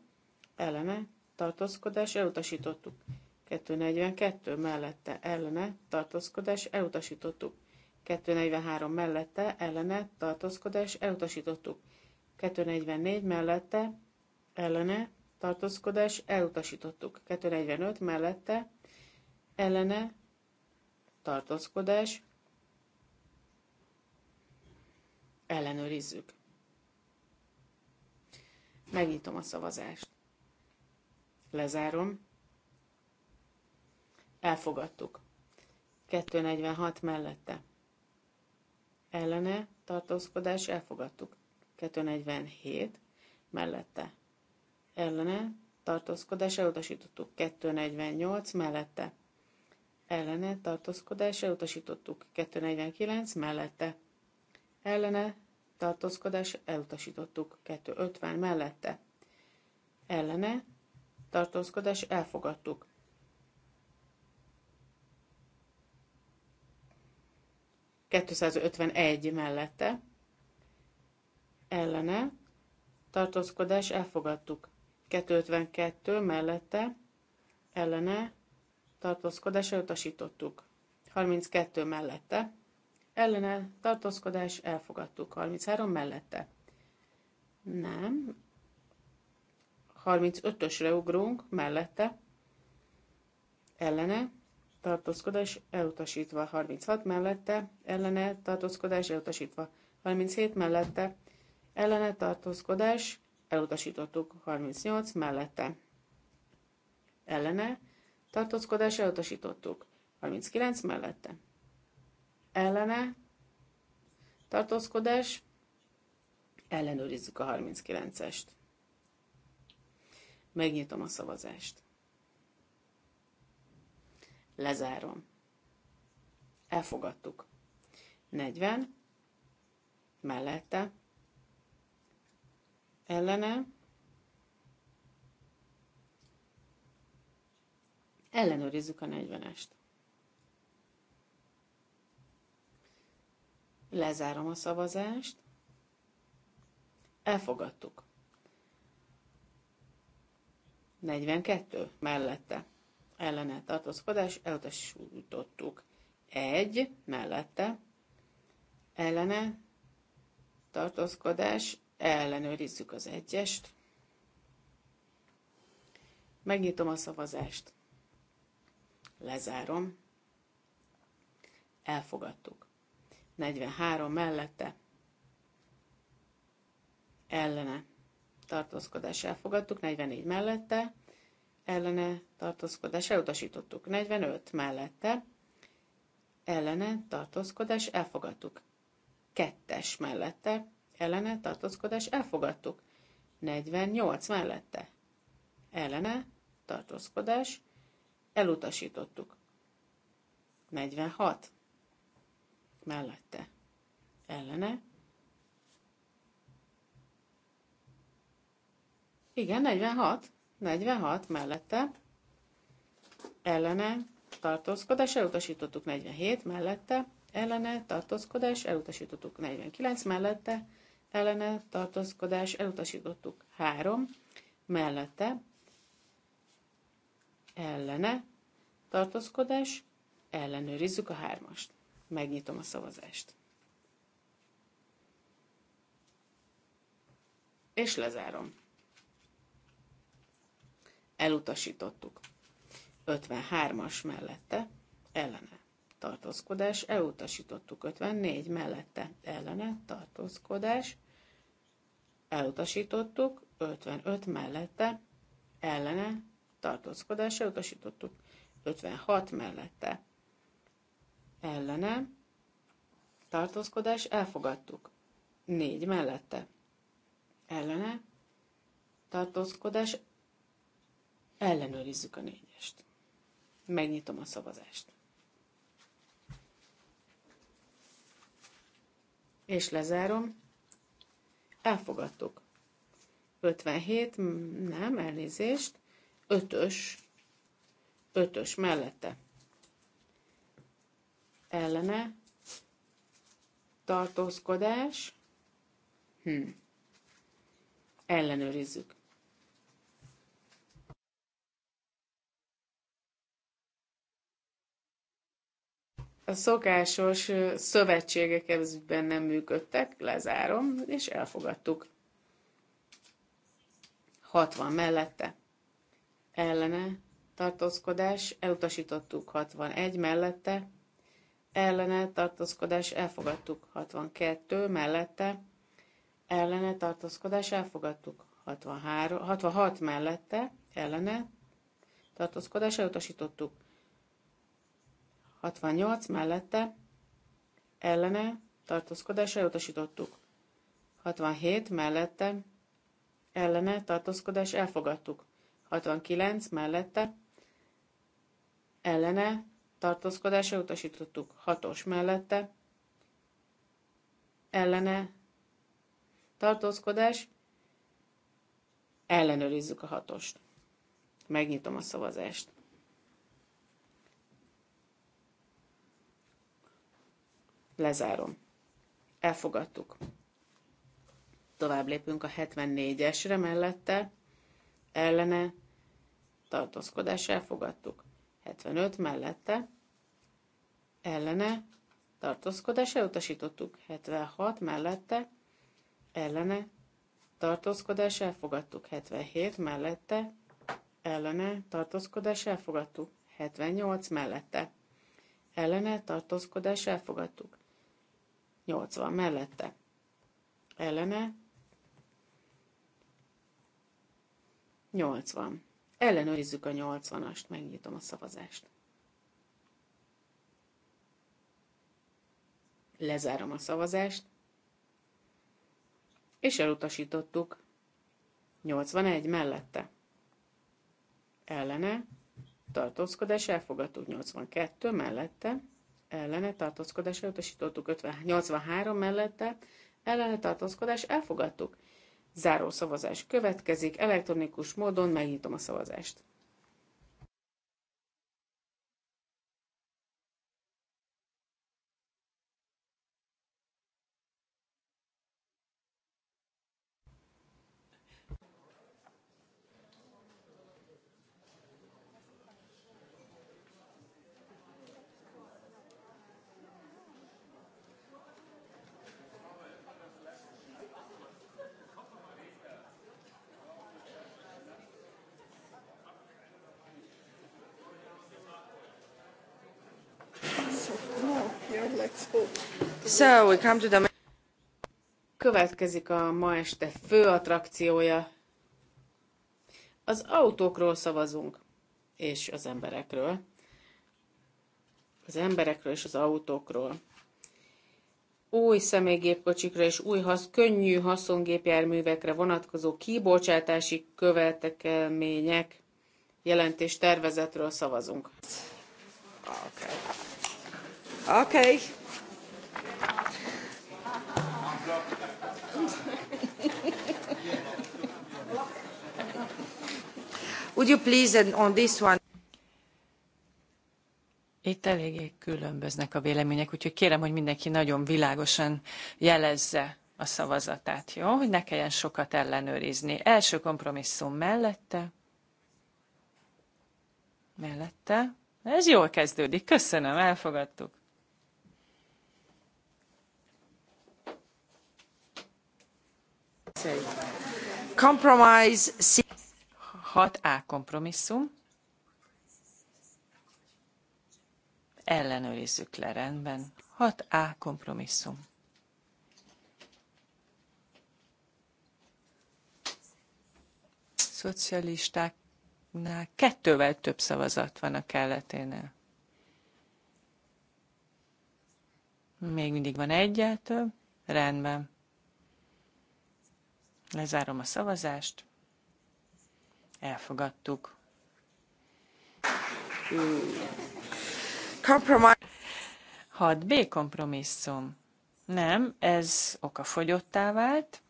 ellene tartózkodás elutasítottuk. 242 mellette ellene tartózkodás elutasítottuk. 243 mellette ellene tartózkodás elutasítottuk. 244 mellette ellene tartózkodás elutasítottuk. 245 mellette ellene tartózkodás ellenőrizzük. Megnyitom a szavazást. Lezárom. Elfogadtuk. 246 mellette. Ellene tartózkodás elfogadtuk. 247 mellette. Ellene tartózkodás elutasítottuk. 248 mellette. Ellene tartózkodás elutasítottuk. 249 mellette. Ellene tartózkodás elutasítottuk. 250 mellette ellene tartózkodás elfogadtuk. ...251 mellette ellene tartózkodás elfogadtuk. 252 mellette ellene tartózkodás elutasítottuk. 32 mellette ellene tartózkodás elfogadtuk. 33 mellette. Nem. 35-ösre ugrunk mellette. Ellene tartózkodás elutasítva. 36 mellette. Ellene tartózkodás elutasítva. 37 mellette. Ellene tartózkodás elutasítottuk. 38 mellette. Ellene tartózkodás elutasítottuk. 39 mellette ellene tartózkodás, ellenőrizzük a 39-est. Megnyitom a szavazást. Lezárom. Elfogadtuk. 40. Mellette. Ellene. Ellenőrizzük a 40-est. Lezárom a szavazást. Elfogadtuk. 42 mellette ellene tartózkodás elutasítottuk. 1 mellette ellene tartózkodás ellenőrizzük az egyest. Megnyitom a szavazást. Lezárom. Elfogadtuk. 43 mellette ellene tartózkodás elfogadtuk, 44 mellette ellene tartózkodás elutasítottuk, 45 mellette ellene tartózkodás elfogadtuk, 2 mellette ellene tartózkodás elfogadtuk, 48 mellette ellene tartózkodás elutasítottuk, 46 mellette, ellene. Igen, 46, 46 mellette, ellene, tartózkodás, elutasítottuk 47 mellette, ellene, tartózkodás, elutasítottuk 49 mellette, ellene, tartózkodás, elutasítottuk 3 mellette, ellene, tartózkodás, ellenőrizzük a hármast. Megnyitom a szavazást. És lezárom. Elutasítottuk. 53-as mellette ellene tartózkodás, elutasítottuk 54 mellette ellene tartózkodás, elutasítottuk 55 mellette ellene tartózkodás, elutasítottuk 56 mellette ellene, tartózkodás, elfogadtuk. Négy mellette, ellene, tartózkodás, ellenőrizzük a négyest. Megnyitom a szavazást. És lezárom. Elfogadtuk. 57, nem, elnézést. 5-ös. 5-ös mellette ellene, tartózkodás, hm, ellenőrizzük. A szokásos szövetségek ebben nem működtek, lezárom, és elfogadtuk. 60 mellette. Ellene tartózkodás, elutasítottuk 61 mellette, ellene tartózkodás elfogadtuk. 62 mellette ellene tartózkodás elfogadtuk. 63, 66 mellette ellene tartózkodás elutasítottuk. 68 mellette ellene tartózkodás elutasítottuk. 67 mellette ellene tartózkodás elfogadtuk. 69 mellette ellene tartózkodásra utasítottuk hatos mellette, ellene tartózkodás, ellenőrizzük a hatost. Megnyitom a szavazást. Lezárom. Elfogadtuk. Tovább lépünk a 74-esre mellette, ellene tartózkodás elfogadtuk. 75 mellette ellene tartózkodás elutasítottuk. 76 mellette ellene tartózkodás elfogadtuk. 77 mellette ellene tartózkodás elfogadtuk. 78 mellette ellene tartózkodás elfogadtuk. 80 mellette ellene 80. Ellenőrizzük a 80-ast, megnyitom a szavazást. Lezárom a szavazást, és elutasítottuk 81 mellette. Ellene, tartózkodás, elfogadtuk 82 mellette, ellene, tartózkodás, elutasítottuk 50, 83 mellette, ellene tartózkodás, elfogadtuk. Záró szavazás következik, elektronikus módon megnyitom a szavazást. So we come to the... Következik a ma este fő attrakciója. Az autókról szavazunk, és az emberekről. Az emberekről és az autókról. Új személygépkocsikra és új hasz, könnyű haszongépjárművekre vonatkozó kibocsátási követelmények jelentés tervezetről szavazunk. Okay. Okay. Would you please, and on this one... Itt eléggé különböznek a vélemények, úgyhogy kérem, hogy mindenki nagyon világosan jelezze a szavazatát, jó? Hogy ne kelljen sokat ellenőrizni. Első kompromisszum mellette. Mellette. Ez jól kezdődik. Köszönöm, elfogadtuk. 6A kompromisszum. Ellenőrizzük le rendben. 6A kompromisszum. Szocialistáknál kettővel több szavazat van a kelleténél. Még mindig van egyel több. Rendben. Lezárom a szavazást. Elfogadtuk. Kompromiss. b kompromisszum. Nem, ez okafogyottá vált.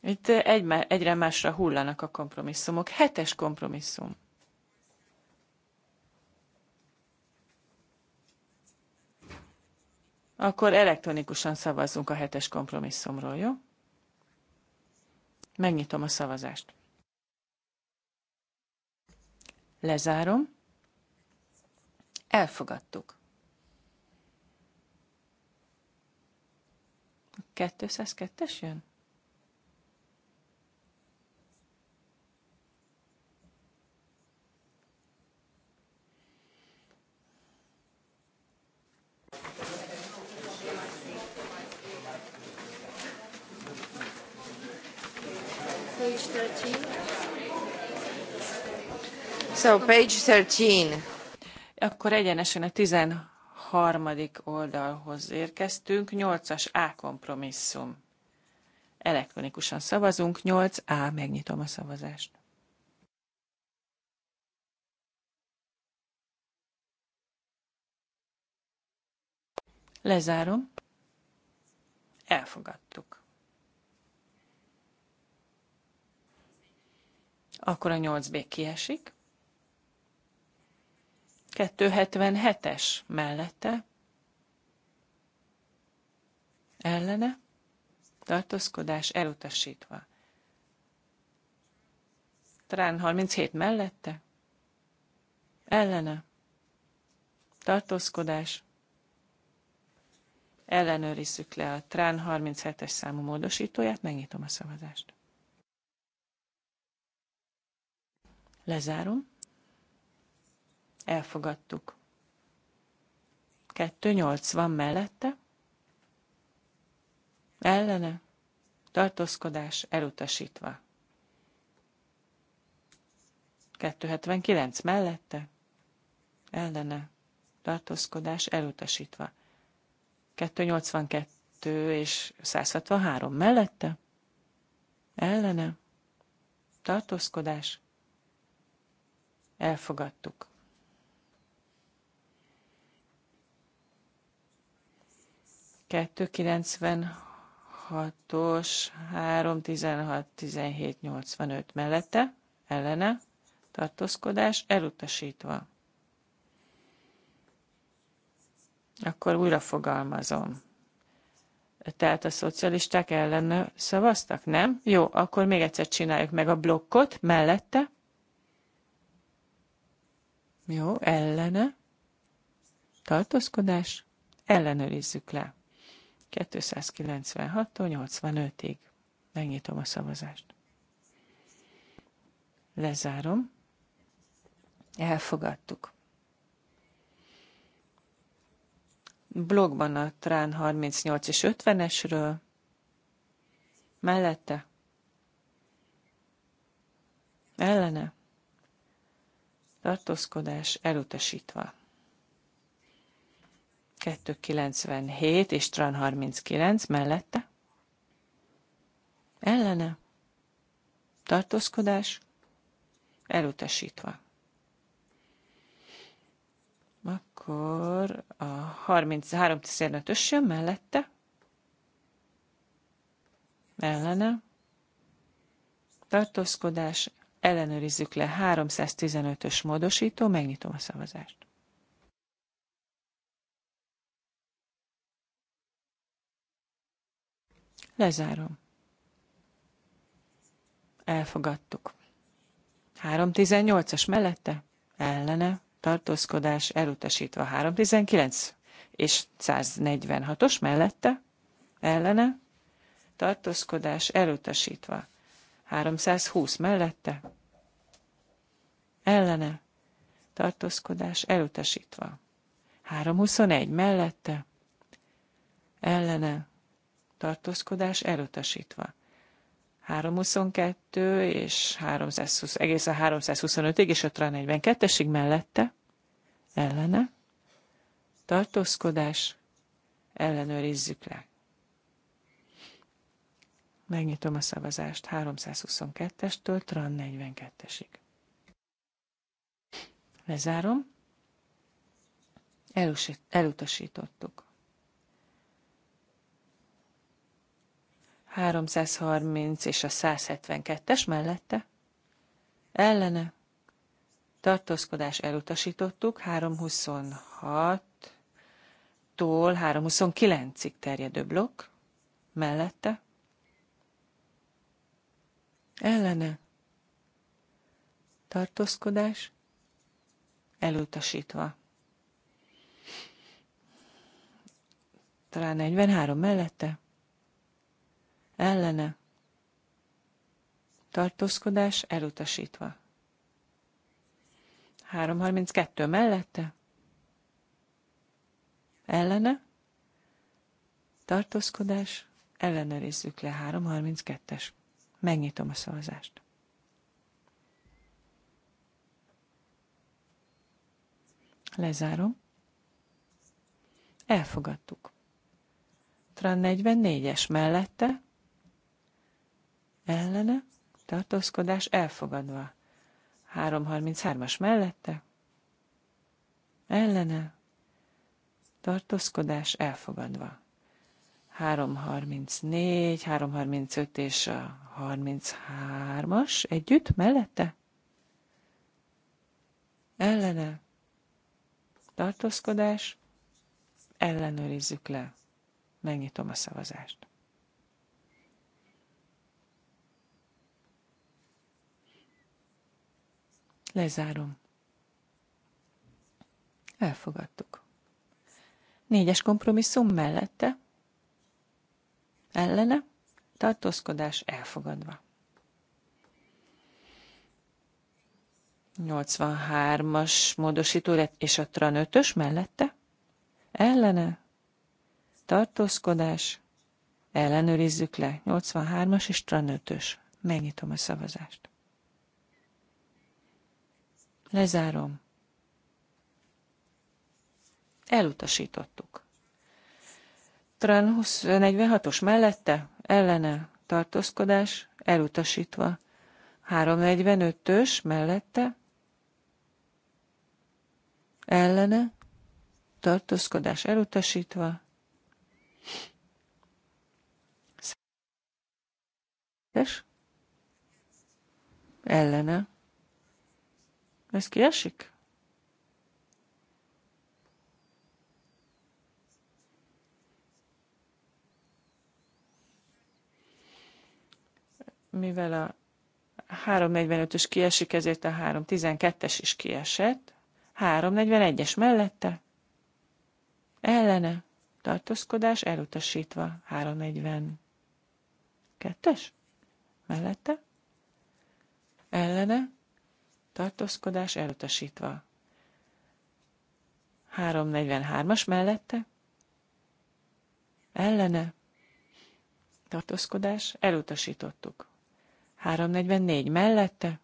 Itt egyre másra hullanak a kompromisszumok. Hetes kompromisszum. Akkor elektronikusan szavazzunk a hetes kompromisszumról, jó? Megnyitom a szavazást. Lezárom. Elfogadtuk. 202-es jön? So, page 13. Akkor egyenesen a 13. oldalhoz érkeztünk, 8-as A kompromisszum. Elektronikusan szavazunk, 8A, megnyitom a szavazást. Lezárom. Elfogadtuk. akkor a 8B kiesik. 277-es mellette, ellene, tartózkodás elutasítva. Trán 37 mellette, ellene, tartózkodás, ellenőrizzük le a Trán 37-es számú módosítóját, megnyitom a szavazást. Lezárom. Elfogadtuk. 2,8 van mellette. Ellene. Tartózkodás elutasítva. 279 mellette. Ellene. Tartózkodás elutasítva. 282 és 163 mellette. Ellene. Tartózkodás Elfogadtuk. Kettő kilencven hatos három tizenhat tizenhét nyolcvanöt mellette, ellene, tartózkodás elutasítva. Akkor újra fogalmazom. Tehát a szocialisták ellen szavaztak, nem? Jó, akkor még egyszer csináljuk meg a blokkot mellette, jó, ellene. Tartózkodás. Ellenőrizzük le. 296-tól 85-ig. Megnyitom a szavazást. Lezárom. Elfogadtuk. Blogban a Trán 38 és 50-esről. Mellette. Ellene tartózkodás elutasítva. 297 és Tran 39 mellette. Ellene. Tartózkodás elutasítva. Akkor a 33 15 össön mellette. Ellene. Tartózkodás ellenőrizzük le 315-ös módosító, megnyitom a szavazást. Lezárom. Elfogadtuk. 318-as mellette? Ellene. Tartózkodás elutasítva. 319 és 146-os mellette? Ellene. Tartózkodás elutasítva. 320 mellette, ellene, tartózkodás elutasítva. 321 mellette, ellene, tartózkodás elutasítva. 322 és 320, a 325-ig és 542-esig mellette, ellene, tartózkodás, ellenőrizzük le. Megnyitom a szavazást 322-estől TRAN 42-esig. Lezárom. Elutasítottuk. 330 és a 172-es mellette. Ellene. Tartózkodás elutasítottuk. 326-tól 329-ig terjedő blokk. Mellette ellene tartózkodás elutasítva. Talán 43 mellette ellene tartózkodás elutasítva. 332 mellette ellene tartózkodás ellenőrizzük le 332-es. Megnyitom a szavazást. Lezárom. Elfogadtuk. Tran 44-es mellette, ellene, tartózkodás elfogadva. 333-as mellette, ellene, tartózkodás elfogadva. 334, 335 és a 33-as együtt, mellette? Ellene. Tartózkodás. Ellenőrizzük le. Megnyitom a szavazást. Lezárom. Elfogadtuk. Négyes kompromisszum mellette ellene, tartózkodás elfogadva. 83-as módosító és a TRAN 5-ös mellette, ellene, tartózkodás, ellenőrizzük le, 83-as és TRAN 5-ös. Megnyitom a szavazást. Lezárom. Elutasítottuk. Tran 46-os mellette, ellene, tartózkodás, elutasítva. 345-ös mellette, ellene, tartózkodás elutasítva. És ellene. Ez kiesik? mivel a 345-ös kiesik, ezért a 312-es is kiesett. 341-es mellette, ellene, tartózkodás elutasítva, 342-es mellette, ellene, tartózkodás elutasítva, 343-as mellette, ellene, tartózkodás elutasítottuk. 344 mellette,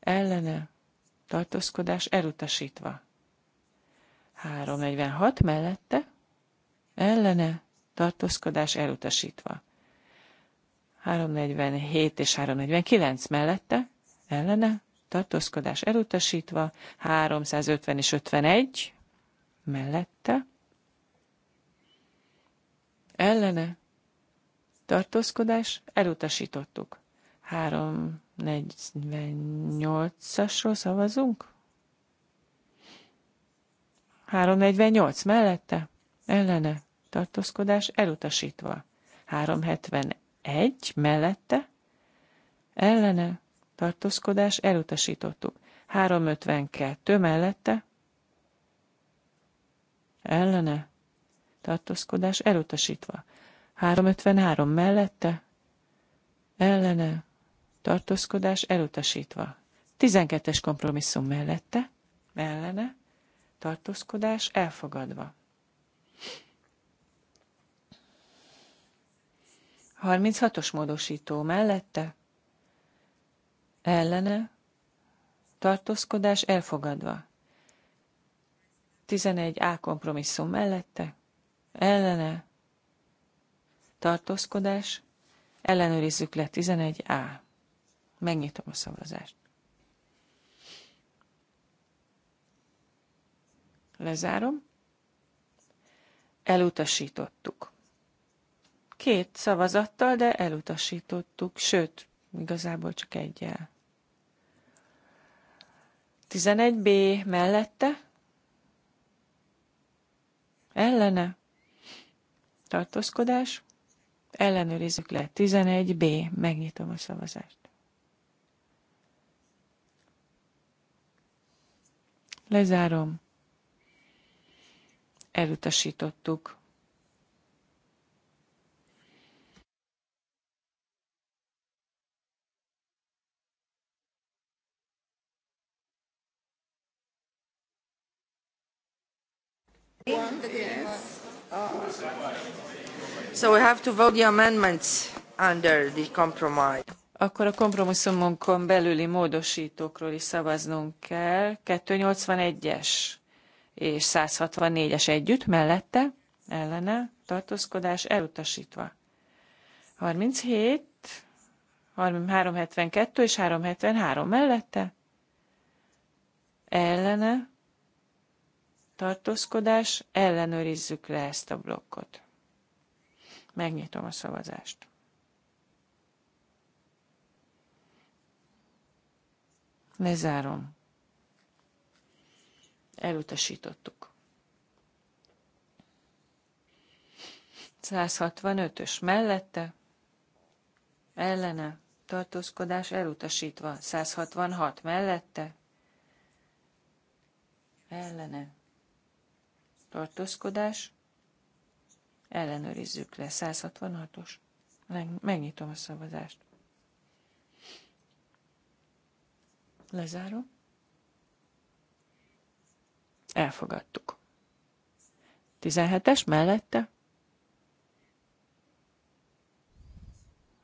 ellene, tartózkodás elutasítva. 346 mellette, ellene, tartózkodás elutasítva. 347 és 349 mellette, ellene, tartózkodás elutasítva, 350 és 51 mellette, ellene, tartózkodás, elutasítottuk. 348-asról szavazunk? 348 mellette, ellene, tartózkodás, elutasítva. 371 mellette, ellene, tartózkodás, elutasítottuk. 352 mellette, ellene, tartózkodás, elutasítva. 353 mellette, ellene, tartózkodás elutasítva. 12-es kompromisszum mellette, ellene, tartózkodás elfogadva. 36-os módosító mellette, ellene, tartózkodás elfogadva. 11A kompromisszum mellette, ellene, tartózkodás, ellenőrizzük le 11A. Megnyitom a szavazást. Lezárom. Elutasítottuk. Két szavazattal, de elutasítottuk, sőt, igazából csak egyel. 11B mellette, ellene, tartózkodás, Ellenőrizzük le. 11B. Megnyitom a szavazást. Lezárom. Elutasítottuk. One, yes. So we have to vote the amendments under the compromise. Akkor a kompromisszumunkon belüli módosítókról is szavaznunk kell. 281-es és 164-es együtt, mellette, ellene, tartózkodás elutasítva. 37, 372 és 373 mellette, ellene, tartózkodás, ellenőrizzük le ezt a blokkot. Megnyitom a szavazást. Lezárom. Elutasítottuk. 165-ös mellette, ellene, tartózkodás elutasítva, 166 mellette, ellene, tartózkodás, ellenőrizzük le. 166-os. Megnyitom a szavazást. Lezárom. Elfogadtuk. 17-es mellette.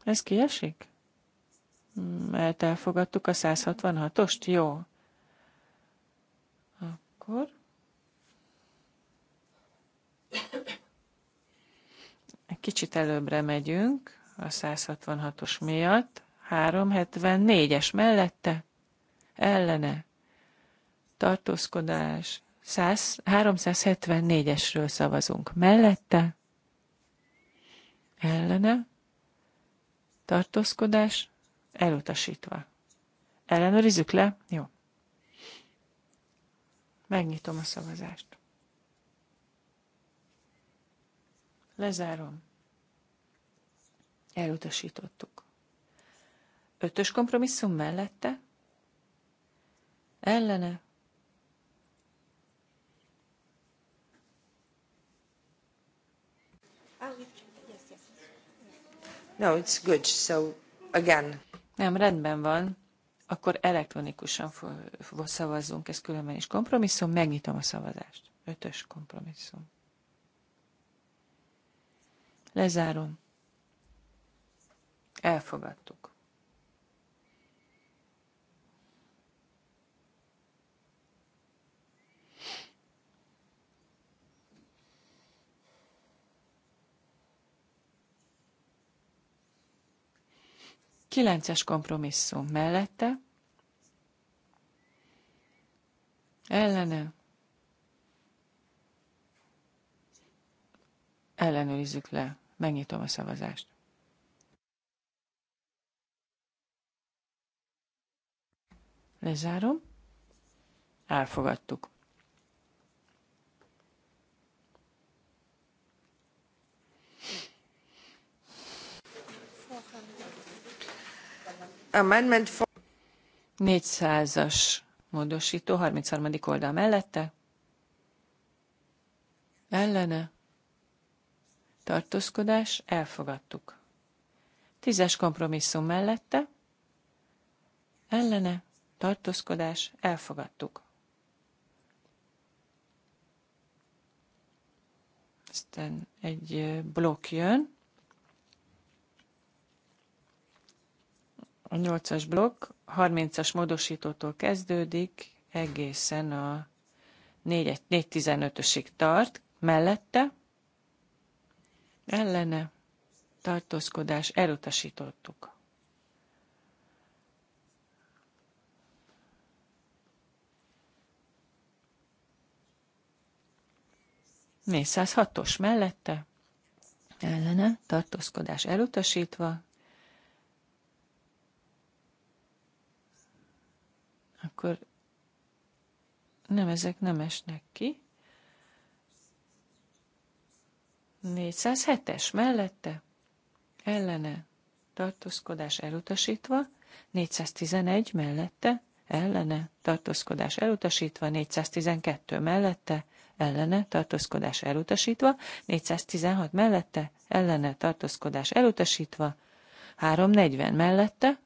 Ez kiesik? Mert elfogadtuk a 166-ost? Jó. Akkor egy kicsit előbbre megyünk a 166-os miatt. 374-es mellette ellene tartózkodás. 100, 374-esről szavazunk mellette ellene tartózkodás elutasítva. Ellenőrizzük le? Jó. Megnyitom a szavazást. Lezárom. Elutasítottuk. Ötös kompromisszum mellette? Ellene? No, it's good, so again. Nem, rendben van. Akkor elektronikusan szavazzunk, ez különben is kompromisszum. Megnyitom a szavazást. Ötös kompromisszum. Lezárom. Elfogadtuk. Kilences kompromisszum mellette, ellene, Ellenőrizzük le. Megnyitom a szavazást. Lezárom. Elfogadtuk. Amendment 400-as módosító, 33. oldal mellette. Ellene tartózkodás, elfogadtuk. Tízes kompromisszum mellette, ellene, tartózkodás, elfogadtuk. Aztán egy blokk jön. A nyolcas blokk 30-as módosítótól kezdődik, egészen a 15 ösig tart, mellette, ellene tartózkodás elutasítottuk. Négyszáz hatos mellette, ellene tartózkodás elutasítva, akkor nem, ezek nem esnek ki. 407-es mellette ellene tartózkodás elutasítva, 411 mellette ellene tartózkodás elutasítva, 412 mellette ellene tartózkodás elutasítva, 416 mellette ellene tartózkodás elutasítva, 340 mellette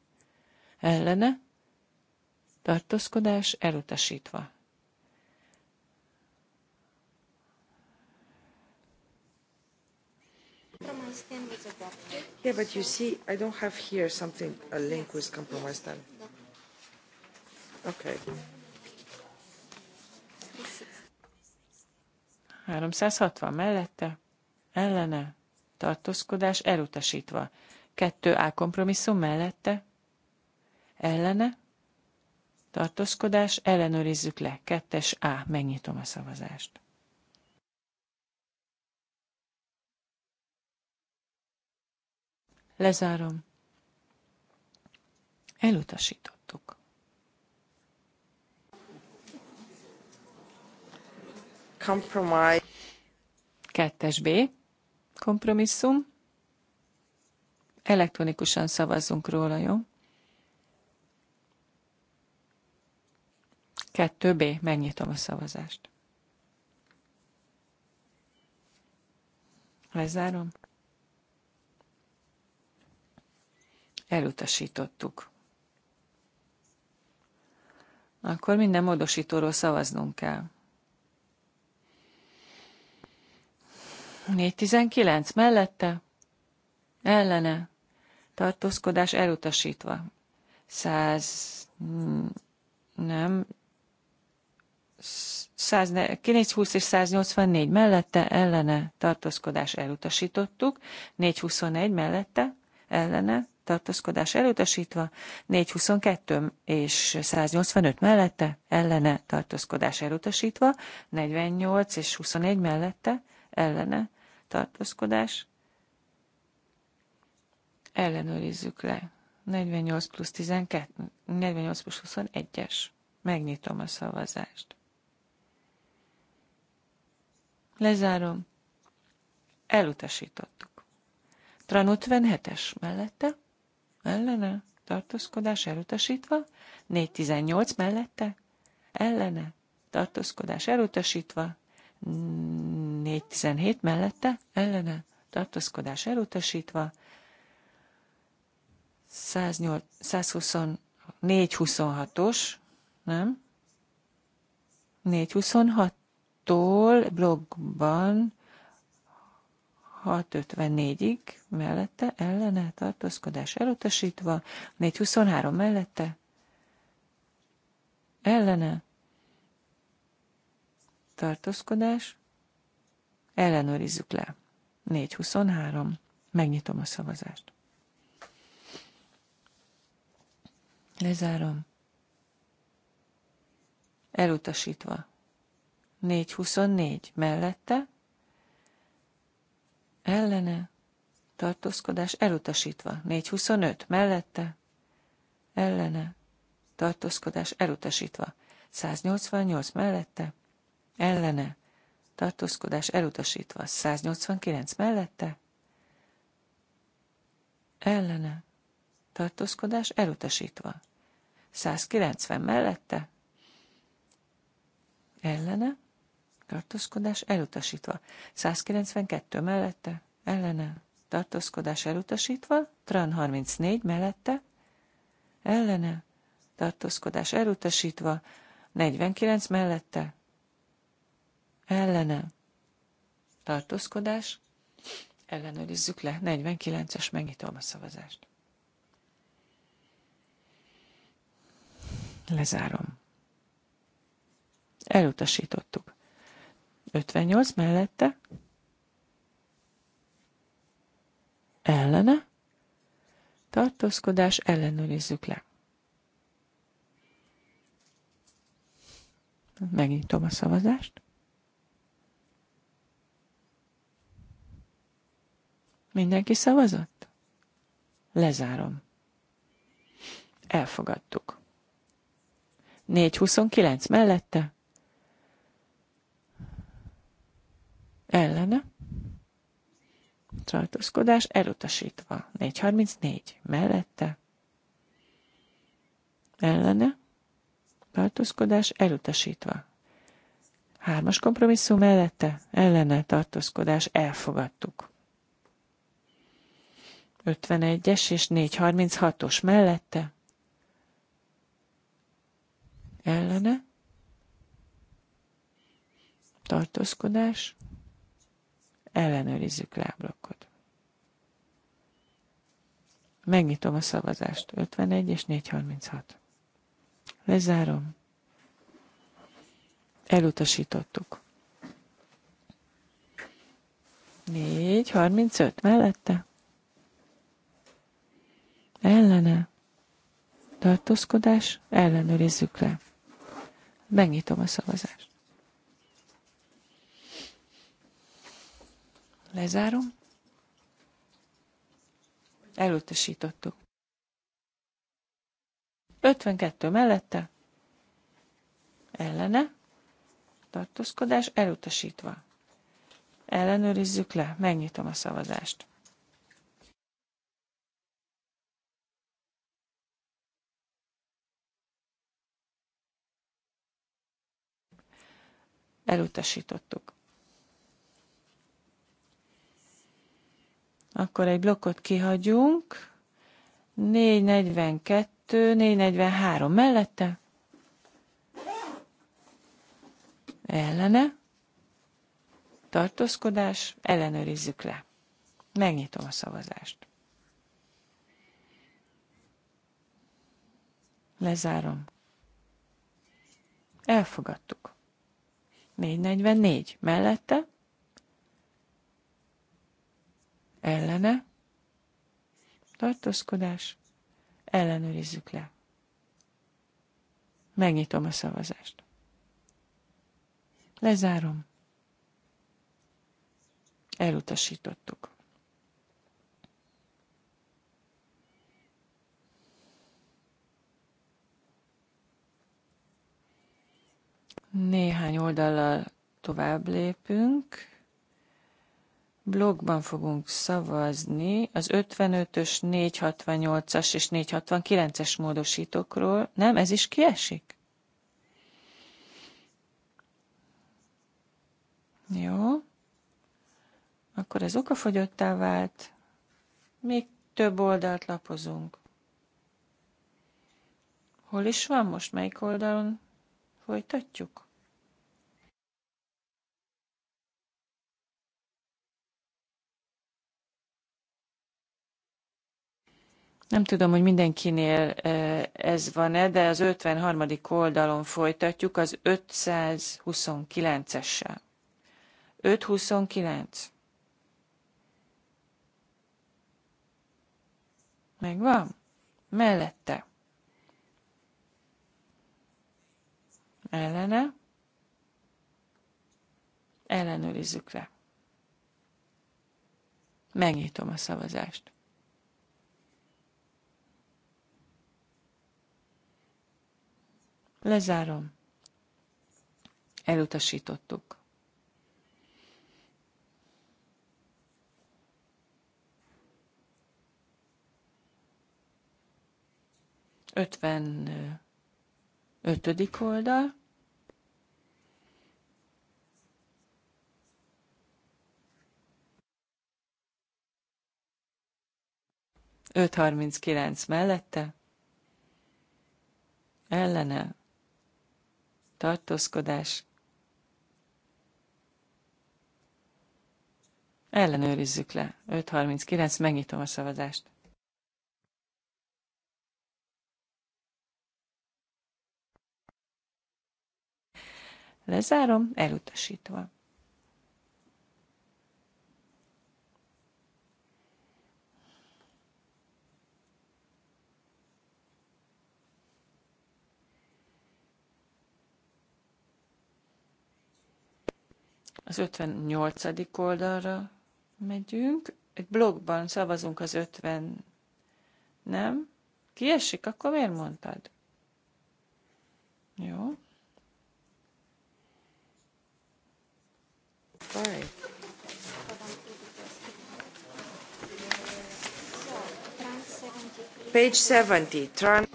ellene tartózkodás elutasítva. 10 was adopted. Yeah, but you see, I don't have here something, a link with compromise 10. Okay. 360 mellette, ellene, tartózkodás elutasítva. 2A kompromisszum mellette, ellene, tartózkodás, ellenőrizzük le. 2A, megnyitom a szavazást. Lezárom. Elutasítottuk. Kettes B. Kompromisszum. Elektronikusan szavazzunk róla, jó? 2B, megnyitom a szavazást. Lezárom. Elutasítottuk. Akkor minden módosítóról szavaznunk kell. 419 mellette, ellene, tartózkodás elutasítva. 100, nem, 100, 920 és 184 mellette, ellene, tartózkodás elutasítottuk. 421 mellette, ellene, tartózkodás elutasítva, 422 és 185 mellette, ellene tartózkodás elutasítva, 48 és 21 mellette, ellene tartózkodás. Ellenőrizzük le. 48 plusz 12, 48 plusz 21-es. Megnyitom a szavazást. Lezárom. Elutasítottuk. Tran 57-es mellette, ellene, tartózkodás elutasítva, 418 mellette, ellene, tartózkodás elutasítva, 417 mellette, ellene, tartózkodás elutasítva, 426-os, nem? 426-tól blogban 6.54-ig mellette ellene tartózkodás elutasítva, 4.23 mellette ellene tartózkodás, ellenőrizzük le. 4.23, megnyitom a szavazást. Lezárom. Elutasítva. 4.24 mellette ellene, tartózkodás elutasítva. 425 mellette, ellene, tartózkodás elutasítva. 188 mellette, ellene, tartózkodás elutasítva. 189 mellette, ellene, tartózkodás elutasítva. 190 mellette, ellene, tartózkodás elutasítva. 192 mellette, ellene, tartózkodás elutasítva, Tran 34 mellette, ellene, tartózkodás elutasítva, 49 mellette, ellene, tartózkodás, ellenőrizzük le, 49-es, megnyitom a szavazást. Lezárom. Elutasítottuk. 58 mellette. Ellene. Tartózkodás ellenőrizzük le. Megnyitom a szavazást. Mindenki szavazott? Lezárom. Elfogadtuk. 429 mellette. ellene, tartózkodás elutasítva. 434 mellette, ellene, tartózkodás elutasítva. Hármas kompromisszum mellette, ellene tartózkodás elfogadtuk. 51-es és 436-os mellette, ellene, tartózkodás Ellenőrizzük láblokkot. Megnyitom a szavazást. 51 és 436. Lezárom. Elutasítottuk. 435 mellette. Ellene. Tartózkodás. Ellenőrizzük le. Megnyitom a szavazást. Lezárom. Elutasítottuk. 52 mellette. Ellene. Tartózkodás elutasítva. Ellenőrizzük le. Megnyitom a szavazást. Elutasítottuk. Akkor egy blokkot kihagyunk. 442, 443 mellette. Ellene. Tartózkodás. Ellenőrizzük le. Megnyitom a szavazást. Lezárom. Elfogadtuk. 444 mellette ellene, tartózkodás, ellenőrizzük le. Megnyitom a szavazást. Lezárom. Elutasítottuk. Néhány oldallal tovább lépünk blogban fogunk szavazni az 55-ös, 468-as és 469-es módosítókról. Nem, ez is kiesik? Jó. Akkor ez okafogyottá vált. Még több oldalt lapozunk. Hol is van most? Melyik oldalon folytatjuk? Nem tudom, hogy mindenkinél ez van-e, de az 53. oldalon folytatjuk az 529-essel. 529. Megvan? Mellette. Ellene. Ellenőrizzük le. Megnyitom a szavazást. Lezárom. Elutasítottuk. Ötven ötödik oldal. Öt harminckilenc mellette. Ellene tartózkodás. Ellenőrizzük le. 5.39, megnyitom a szavazást. Lezárom, elutasítva. Az 58. oldalra megyünk. Egy blogban szavazunk az 50. Nem? Kiesik? Akkor miért mondtad? Jó. Page 70, Tran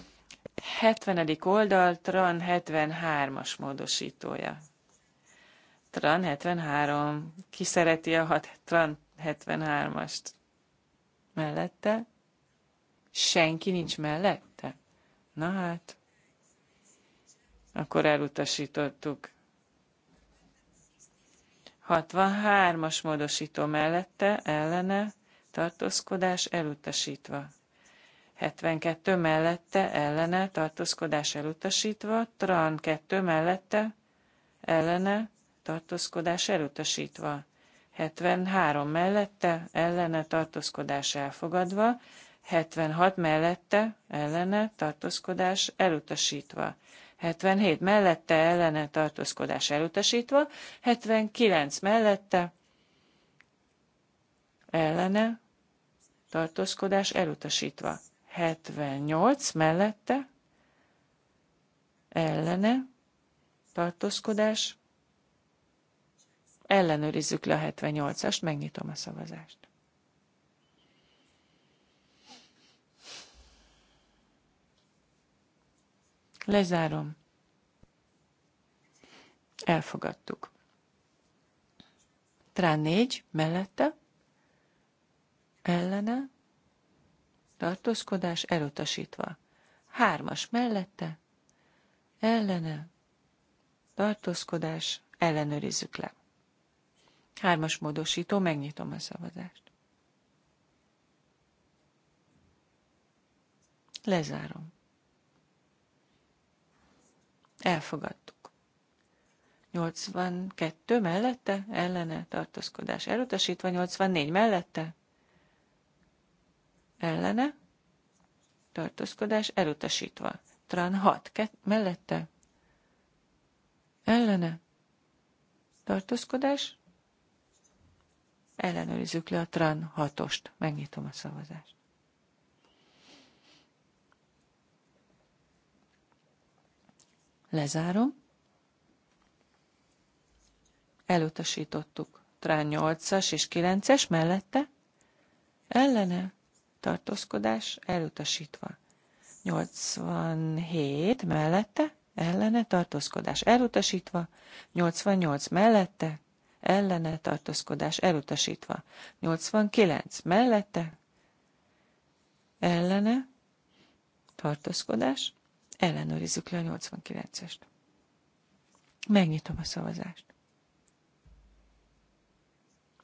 70. oldal, Tran 73-as módosítója. Tran 73. Ki szereti a hat, Tran 73-ast? Mellette? Senki nincs mellette? Na hát, akkor elutasítottuk. 63-as módosító mellette, ellene, tartózkodás elutasítva. 72 mellette, ellene, tartózkodás elutasítva, tran 2 mellette, ellene, tartózkodás elutasítva. 73 mellette, ellene tartózkodás elfogadva, 76 mellette, ellene tartózkodás elutasítva, 77 mellette, ellene tartózkodás elutasítva, 79 mellette, ellene tartózkodás elutasítva, 78 mellette, ellene tartózkodás Ellenőrizzük le a 78-ast, megnyitom a szavazást. Lezárom. Elfogadtuk. Trán 4 mellette, ellene, tartózkodás elutasítva. Hármas mellette, ellene, tartózkodás, ellenőrizzük le. Hármas módosító, megnyitom a szavazást. Lezárom. Elfogadtuk. 82 mellette, ellene tartózkodás elutasítva, 84 mellette, ellene tartózkodás elutasítva. Tran 6 mellette, ellene tartózkodás ellenőrizzük le a TRAN 6-ost. Megnyitom a szavazást. Lezárom. Elutasítottuk. TRAN 8-as és 9-es mellette. Ellene. Tartózkodás elutasítva. 87 mellette. Ellene. Tartózkodás elutasítva. 88 mellette ellene tartózkodás elutasítva. 89 mellette ellene tartózkodás, ellenőrizzük le a 89-est. Megnyitom a szavazást.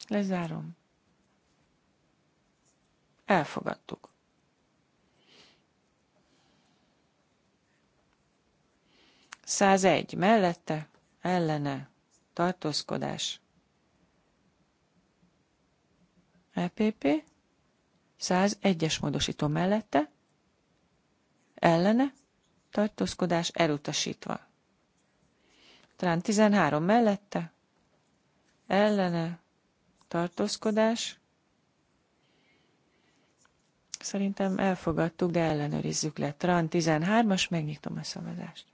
Lezárom. Elfogadtuk. Százegy mellette, ellene, tartózkodás, EPP, 101-es módosító mellette, ellene, tartózkodás elutasítva. Talán 13 mellette, ellene, tartózkodás. Szerintem elfogadtuk, de ellenőrizzük le. Tran 13-as, megnyitom a szavazást.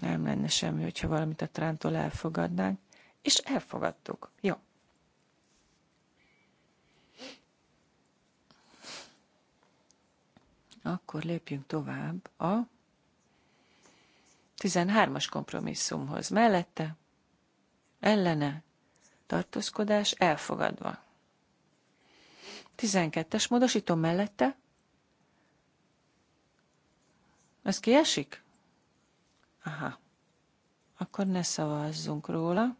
Nem lenne semmi, hogyha valamit a trántól elfogadnánk. És elfogadtuk. Jó. Akkor lépjünk tovább a 13-as kompromisszumhoz. Mellette, ellene, tartózkodás elfogadva. 12-es módosító mellette? Ez kiesik? Aha. Akkor ne szavazzunk róla.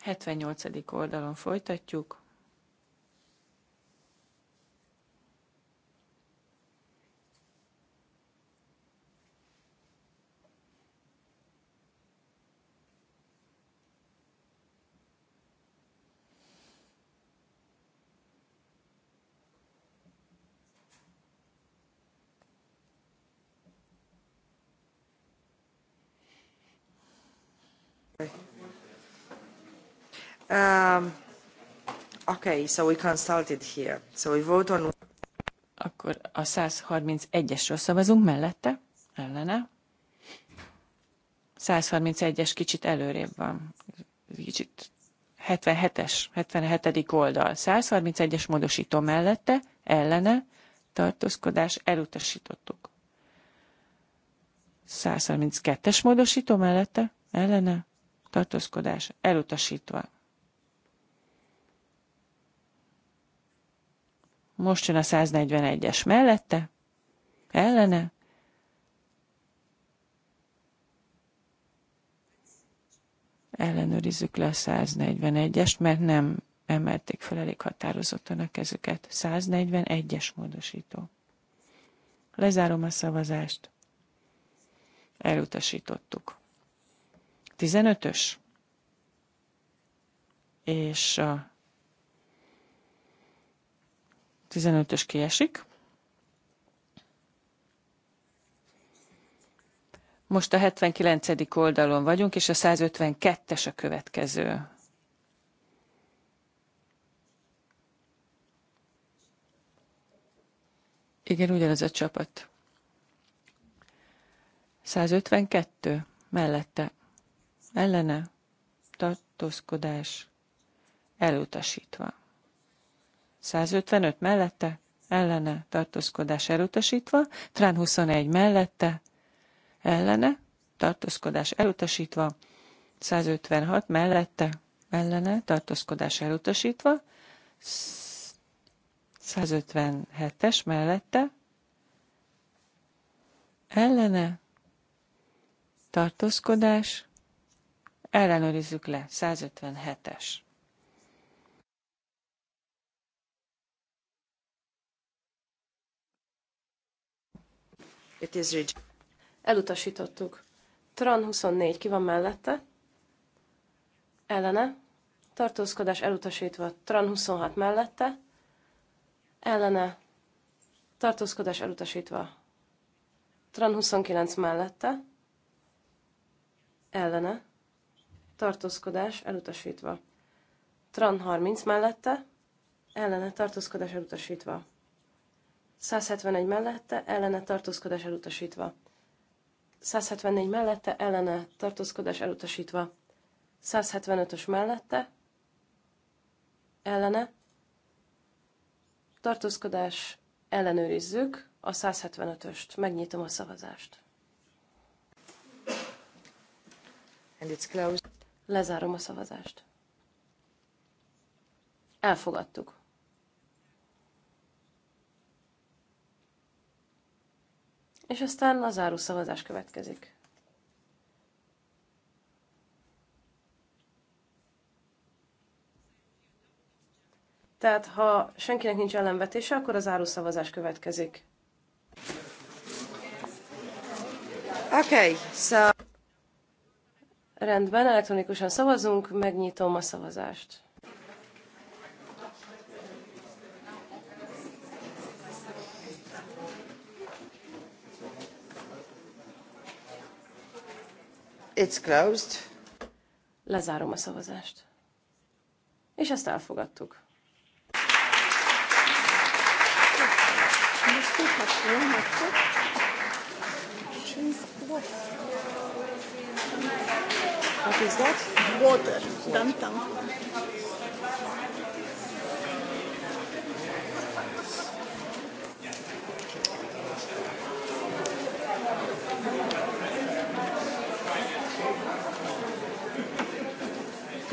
Hetvennyolcadik oldalon folytatjuk. Um, okay, so we consulted here. So we vote on... Akkor a 131-esről szavazunk mellette, ellene. 131-es kicsit előrébb van, kicsit 77-es, 77. oldal. 131-es módosító mellette, ellene, tartózkodás, elutasítottuk. 132-es módosító mellette, ellene, tartózkodás, elutasítva. Most jön a 141-es mellette, ellene. Ellenőrizzük le a 141-est, mert nem emelték fel elég határozottan a kezüket. 141-es módosító. Lezárom a szavazást. Elutasítottuk. 15-ös és a 15-ös kiesik. Most a 79. oldalon vagyunk, és a 152-es a következő. Igen, ugyanaz a csapat. 152 mellette. Ellene. Tartózkodás. Elutasítva. 155 mellette, ellene tartózkodás elutasítva, Trán 21 mellette, ellene tartózkodás elutasítva, 156 mellette, ellene tartózkodás elutasítva, 157-es mellette, ellene tartózkodás, ellenőrizzük le, 157-es. It is Elutasítottuk. Tran 24 ki van mellette? Ellene. Tartózkodás elutasítva. Tran 26 mellette? Ellene. Tartózkodás elutasítva. Tran 29 mellette? Ellene. Tartózkodás elutasítva. Tran 30 mellette? Ellene. Tartózkodás elutasítva. 171 mellette ellene tartózkodás elutasítva. 174 mellette ellene tartózkodás elutasítva. 175-ös mellette ellene tartózkodás ellenőrizzük a 175-öst. Megnyitom a szavazást. And it's closed. Lezárom a szavazást. Elfogadtuk. és aztán a záró szavazás következik. Tehát, ha senkinek nincs ellenvetése, akkor a záró szavazás következik. Okay, so... Rendben, elektronikusan szavazunk, megnyitom a szavazást. It's closed. Lezárom a szavazást. És ezt elfogadtuk. What is that? Water. Downtown.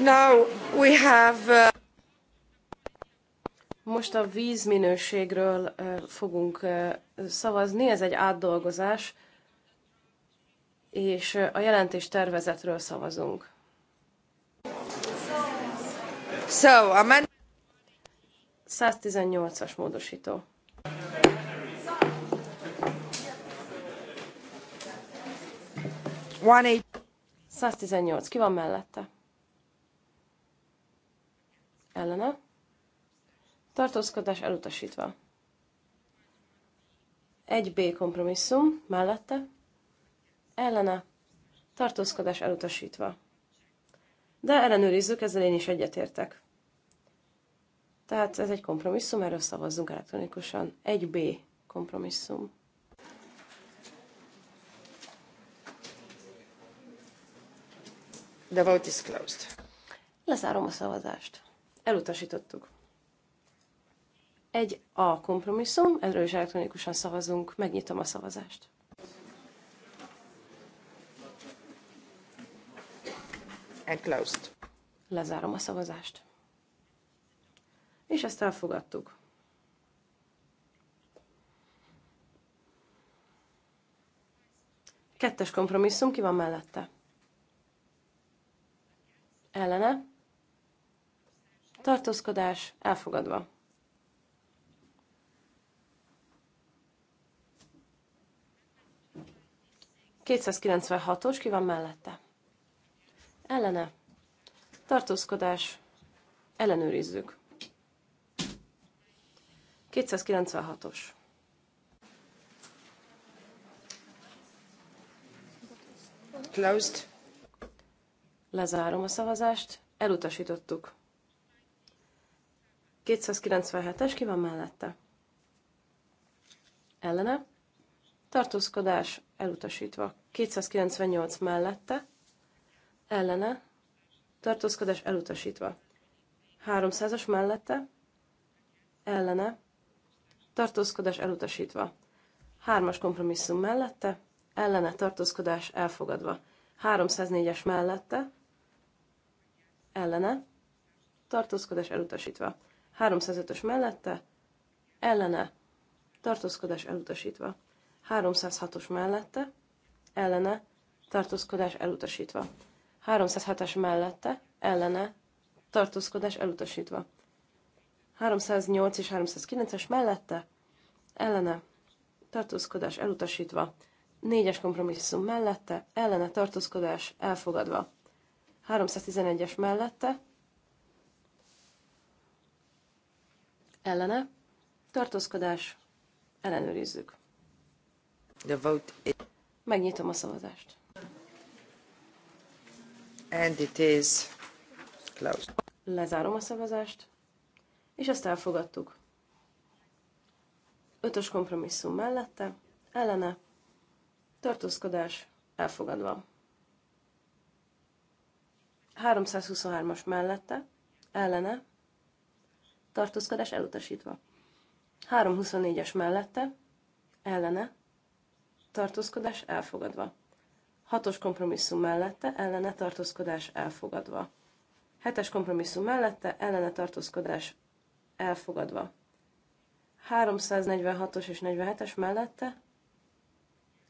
Now we have... Uh, Most a vízminőségről fogunk szavazni, ez egy átdolgozás, és a jelentés tervezetről szavazunk. So, amen. 118-as módosító. One eight. 118. Ki van mellette? ellene, tartózkodás elutasítva. 1B kompromisszum mellette, ellene, tartózkodás elutasítva. De ellenőrizzük, ezzel én is egyetértek. Tehát ez egy kompromisszum, erről szavazzunk elektronikusan. 1B kompromisszum. The vote is closed. Lezárom a szavazást. Elutasítottuk. Egy A kompromisszum, erről is elektronikusan szavazunk, megnyitom a szavazást. Enclosed. Lezárom a szavazást. És ezt elfogadtuk. Kettes kompromisszum, ki van mellette? Ellene? tartózkodás elfogadva. os ki van mellette? Ellene. Tartózkodás. Ellenőrizzük. 296-os. Closed. Lezárom a szavazást. Elutasítottuk. 297-es, ki van mellette? Ellene. Tartózkodás elutasítva. 298 mellette. Ellene. Tartózkodás elutasítva. 300-as mellette. Ellene. Tartózkodás elutasítva. 3-as kompromisszum mellette. Ellene tartózkodás elfogadva. 304-es mellette. Ellene. Tartózkodás elutasítva. 305-ös mellette, ellene, tartózkodás elutasítva. 306-os mellette, ellene, tartózkodás elutasítva. 307-es mellette, ellene, tartózkodás elutasítva. 308 és 309-es mellette, ellene, tartózkodás elutasítva. 4-es kompromisszum mellette, ellene tartózkodás elfogadva. 311-es mellette, ellene, tartózkodás, ellenőrizzük. The vote is... Megnyitom a szavazást. And it is closed. Lezárom a szavazást, és ezt elfogadtuk. Ötös kompromisszum mellette, ellene, tartózkodás, elfogadva. 323-as mellette, ellene, tartózkodás elutasítva. 324-es mellette, ellene, tartózkodás elfogadva. 6-os kompromisszum mellette, ellene, tartózkodás elfogadva. 7-es kompromisszum mellette, ellene, tartózkodás elfogadva. 346-os és 47-es mellette,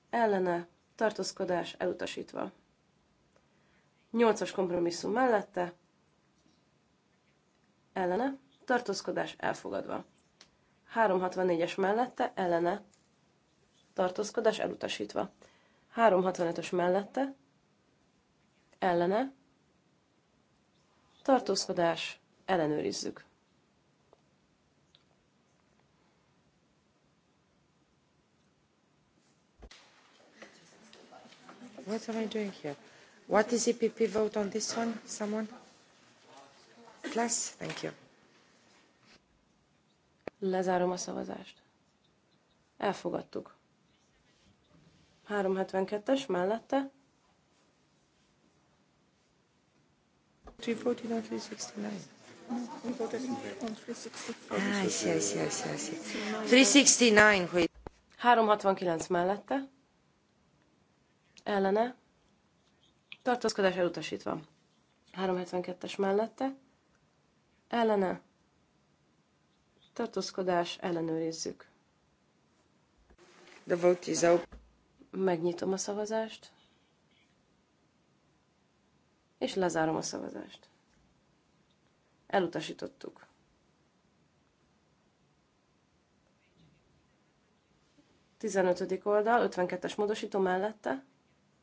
ellene, tartózkodás elutasítva. 8-as kompromisszum mellette, ellene, tartózkodás elfogadva. 364-es mellette, ellene, tartózkodás elutasítva. 365-ös mellette, ellene, tartózkodás, ellenőrizzük. What am I doing here? What is EPP vote on this one? Someone? Plus, thank you. Lezárom a szavazást. Elfogadtuk. 372-es mellette. 349, 369. Ah, 369 mellette. Ellene. Tartózkodás elutasítva. 372-es mellette. Ellene tartózkodás, ellenőrizzük. The vote is open. Megnyitom a szavazást, és lezárom a szavazást. Elutasítottuk. Tizenötödik oldal, 52-es módosító mellette,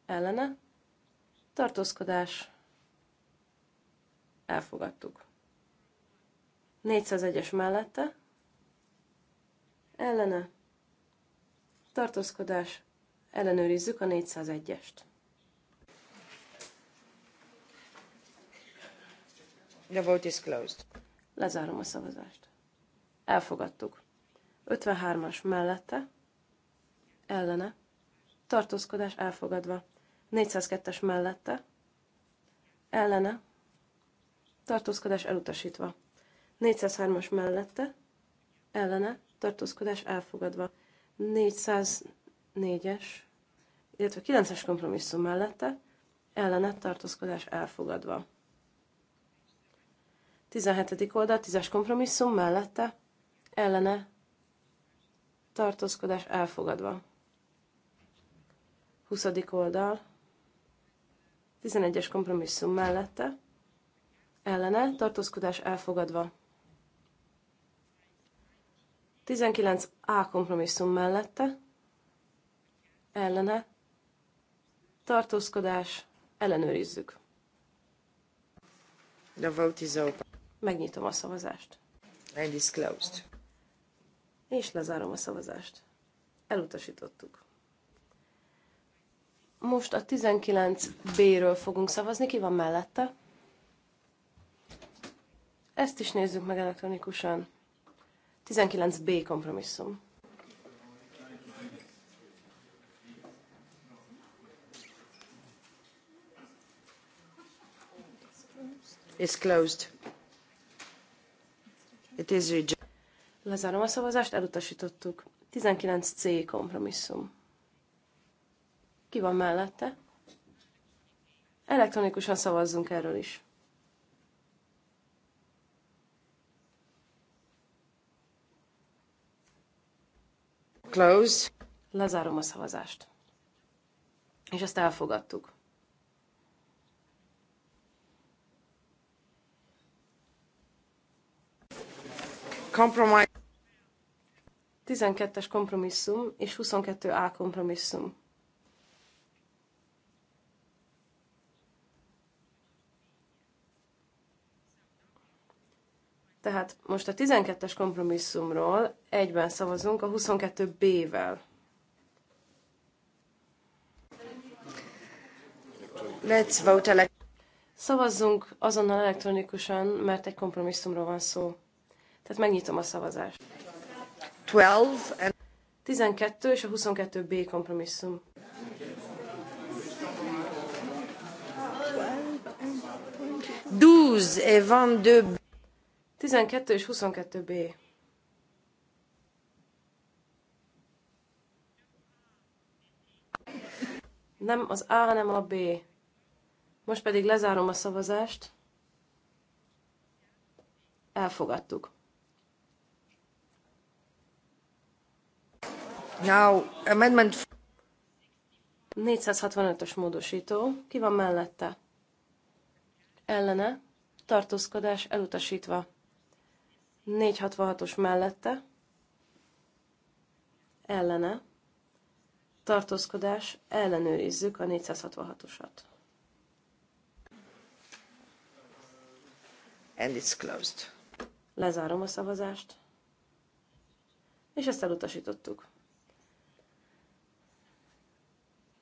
ellene, tartózkodás, elfogadtuk. 401-es mellette, ellene, tartózkodás, ellenőrizzük a 401-est. The vote is closed. Lezárom a szavazást. Elfogadtuk. 53-as mellette, ellene, tartózkodás elfogadva. 402-es mellette, ellene, tartózkodás elutasítva. 403-as mellette, ellene, tartózkodás elfogadva. 404-es, illetve 9-es kompromisszum mellette, ellene, tartózkodás elfogadva. 17. oldal, 10-es kompromisszum mellette, ellene, tartózkodás elfogadva. 20. oldal, 11-es kompromisszum mellette, ellene, tartózkodás elfogadva. 19A kompromisszum mellette, ellene, tartózkodás, ellenőrizzük. The vote is open. Megnyitom a szavazást. And is closed. És lezárom a szavazást. Elutasítottuk. Most a 19B-ről fogunk szavazni. Ki van mellette? Ezt is nézzük meg elektronikusan. 19b kompromisszum. is closed. It is rejected. Lezárom a szavazást, elutasítottuk. 19C kompromisszum. Ki van mellette? Elektronikusan szavazzunk erről is. Close. Lezárom a szavazást. És ezt elfogadtuk. Compromise. 12-es kompromisszum és 22A kompromisszum. Tehát most a 12-es kompromisszumról egyben szavazunk a 22B-vel. Let's vote elect- Szavazzunk azonnal elektronikusan, mert egy kompromisszumról van szó. Tehát megnyitom a szavazást. 12 and 12 és a 22B kompromisszum. Douze et vingt B. 12 és 22b. Nem az A, hanem a B. Most pedig lezárom a szavazást. Elfogadtuk. Now, amendment 465-ös módosító. Ki van mellette? Ellene. Tartózkodás elutasítva. 466-os mellette, ellene, tartózkodás, ellenőrizzük a 466-osat. And it's closed. Lezárom a szavazást, és ezt elutasítottuk.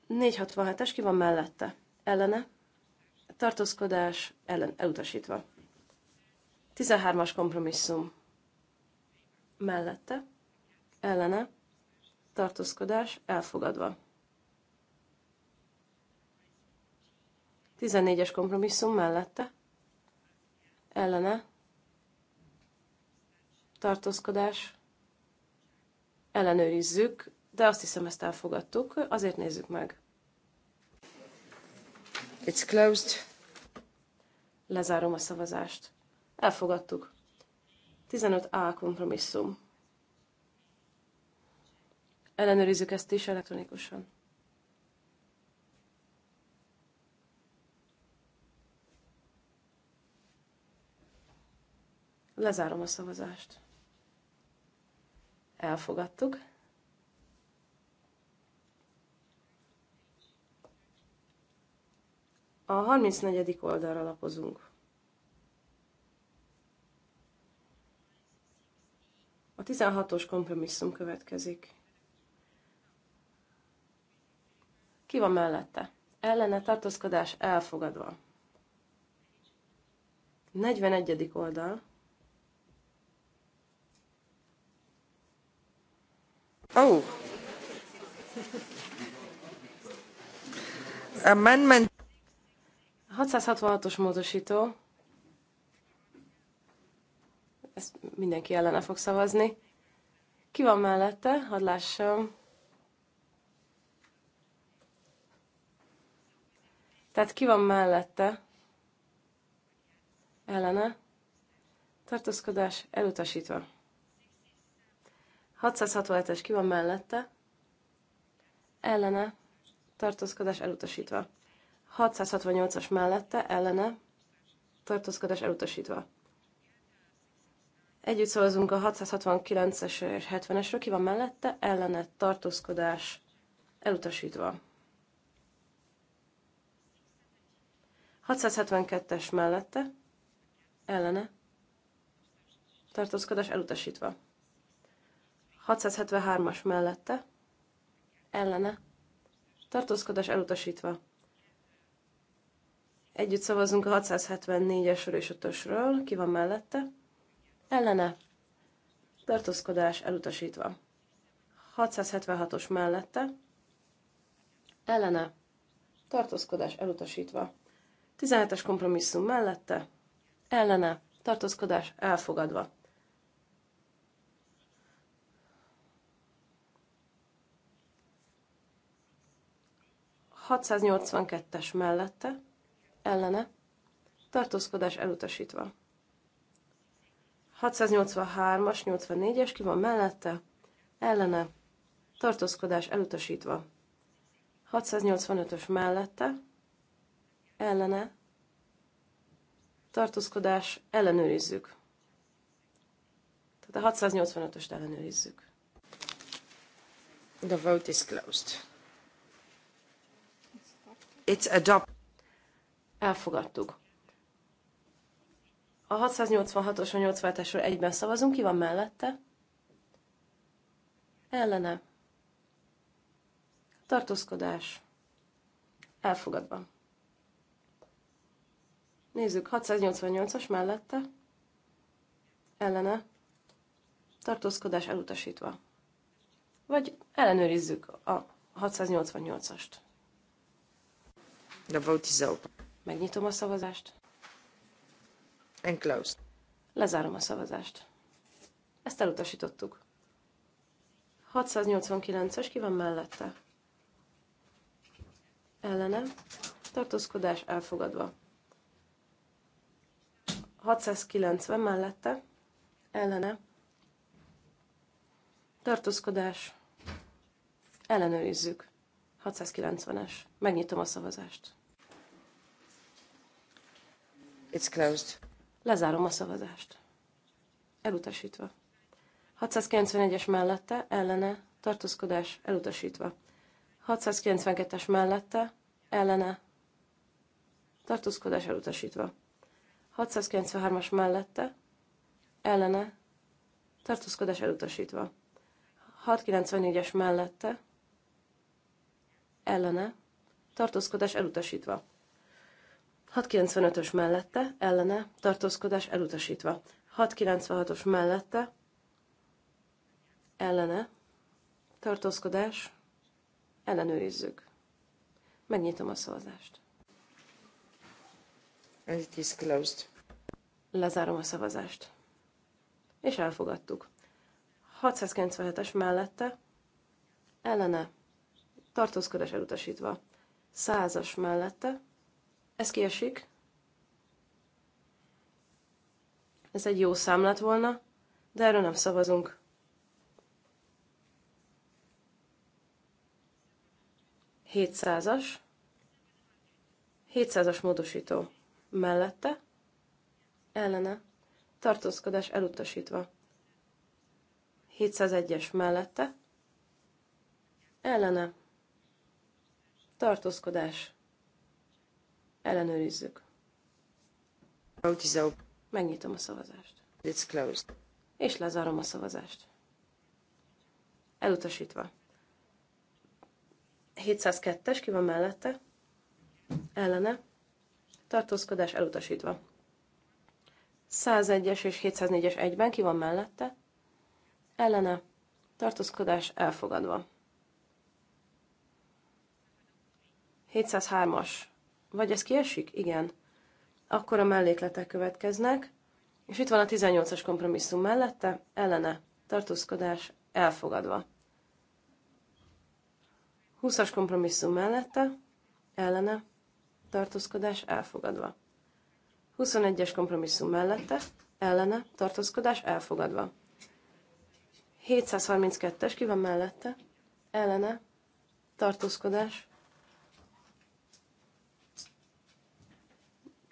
467-es ki van mellette, ellene, tartózkodás, ellen, elutasítva. 13-as kompromisszum mellette, ellene, tartózkodás elfogadva. 14-es kompromisszum mellette, ellene, tartózkodás, ellenőrizzük, de azt hiszem ezt elfogadtuk, azért nézzük meg. It's closed. Lezárom a szavazást. Elfogadtuk. 15A kompromisszum. Ellenőrizzük ezt is elektronikusan. Lezárom a szavazást. Elfogadtuk. A 34. oldalra lapozunk. A 16-os kompromisszum következik. Ki van mellette? Ellene tartózkodás elfogadva. 41. oldal. Oh. Amendment. 666-os módosító. Ezt mindenki ellene fog szavazni. Ki van mellette? Hadd lássam. Tehát ki van mellette? Ellene. Tartózkodás elutasítva. 667-es ki van mellette? Ellene. Tartózkodás elutasítva. 668-as mellette, ellene, tartózkodás elutasítva. Együtt szavazunk a 669-es és 70-esről, ki van mellette, ellene tartózkodás elutasítva. 672-es mellette, ellene tartózkodás elutasítva. 673-as mellette, ellene tartózkodás elutasítva. Együtt szavazunk a 674-esről és 5-ösről, ki van mellette, ellene, tartózkodás elutasítva. 676-os mellette, ellene, tartózkodás elutasítva. 17-es kompromisszum mellette, ellene, tartózkodás elfogadva. ...682-es mellette, ellene, tartózkodás elutasítva. 683-as, 84-es, ki van mellette, ellene, tartózkodás elutasítva. 685-ös mellette, ellene, tartózkodás ellenőrizzük. Tehát a 685-öst ellenőrizzük. The vote is closed. It's adopted. Elfogadtuk. A 686-os a 87-esről egyben szavazunk, ki van mellette? Ellene. Tartózkodás. Elfogadva. Nézzük, 688-as mellette. Ellene. Tartózkodás elutasítva. Vagy ellenőrizzük a 688-ast. Megnyitom a szavazást. And Lezárom a szavazást. Ezt elutasítottuk. 689-es, ki van mellette? Ellene. Tartózkodás elfogadva. 690 mellette. Ellene. Tartózkodás. Ellenőrizzük. 690-es. Megnyitom a szavazást. It's closed. Lezárom a szavazást. Elutasítva. 691-es mellette, ellene, tartózkodás, elutasítva. 692-es mellette, ellene, tartózkodás elutasítva. 693-as mellette, ellene, tartózkodás elutasítva. 694-es mellette, ellene, tartózkodás elutasítva. 695-ös mellette, ellene, tartózkodás elutasítva. 696-os mellette, ellene, tartózkodás, ellenőrizzük. Megnyitom a szavazást. And it is closed. Lezárom a szavazást. És elfogadtuk. 697-es mellette, ellene, tartózkodás elutasítva. 100-as mellette, ez kiesik. Ez egy jó szám lett volna, de erről nem szavazunk. Hétszázas. Hétszázas módosító. Mellette. Ellene. Tartózkodás elutasítva. 701-es mellette. Ellene. Tartózkodás. Ellenőrizzük. Megnyitom a szavazást. It's closed. És lezárom a szavazást. Elutasítva. 702-es, ki van mellette? Ellene. Tartózkodás elutasítva. 101-es és 704-es egyben, ki van mellette? Ellene. Tartózkodás elfogadva. 703-as vagy ez kiesik? Igen. Akkor a mellékletek következnek, és itt van a 18-as kompromisszum mellette, ellene, tartózkodás, elfogadva. 20-as kompromisszum mellette, ellene, tartózkodás, elfogadva. 21-es kompromisszum mellette, ellene, tartózkodás, elfogadva. 732-es, ki van mellette, ellene, tartózkodás,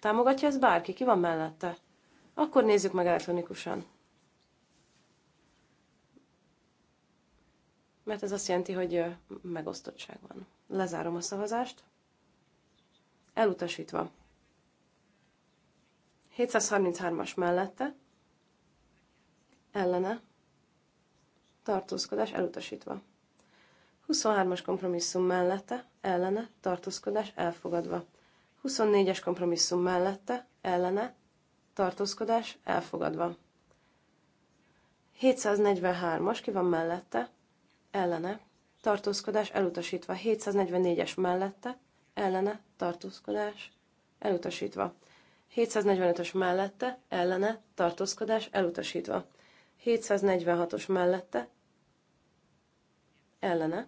Támogatja ez bárki? Ki van mellette? Akkor nézzük meg elektronikusan. Mert ez azt jelenti, hogy megosztottság van. Lezárom a szavazást. Elutasítva. 733-as mellette. Ellene. Tartózkodás elutasítva. 23-as kompromisszum mellette. Ellene. Tartózkodás elfogadva. 24-es kompromisszum mellette, ellene, tartózkodás elfogadva. 743-as ki van mellette, ellene, tartózkodás elutasítva. 744-es mellette, ellene, tartózkodás elutasítva. 745-ös mellette, ellene, tartózkodás elutasítva. 746-os mellette, ellene,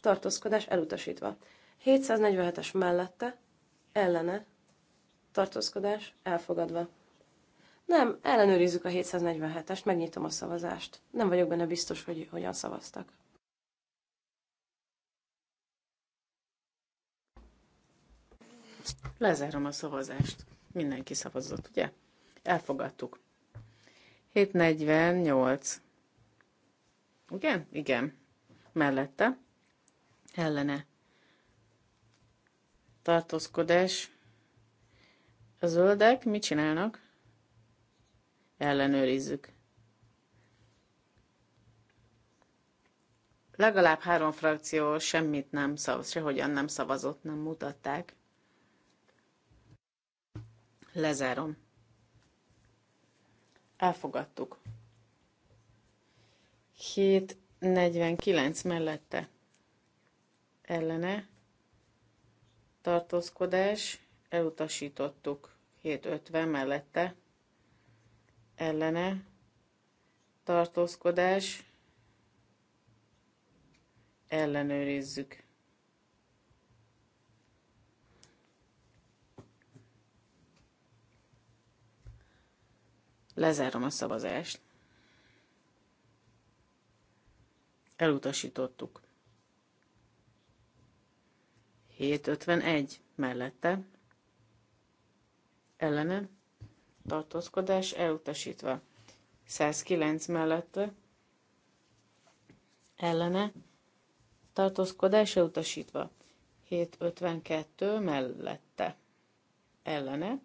tartózkodás elutasítva. 747-es mellette, ellene, tartózkodás, elfogadva. Nem, ellenőrizzük a 747-est, megnyitom a szavazást. Nem vagyok benne biztos, hogy hogyan szavaztak. Lezárom a szavazást. Mindenki szavazott, ugye? Elfogadtuk. 748. Igen? Igen. Mellette. Ellene tartózkodás. A zöldek mit csinálnak? Ellenőrizzük. Legalább három frakció semmit nem szavaz, sehogyan nem szavazott, nem mutatták. Lezárom. Elfogadtuk. 7.49 mellette ellene tartózkodás, elutasítottuk 750 mellette, ellene, tartózkodás, ellenőrizzük. Lezárom a szavazást. Elutasítottuk. 751 mellette ellene tartózkodás elutasítva. 109 mellette ellene tartózkodás elutasítva. 752 mellette ellene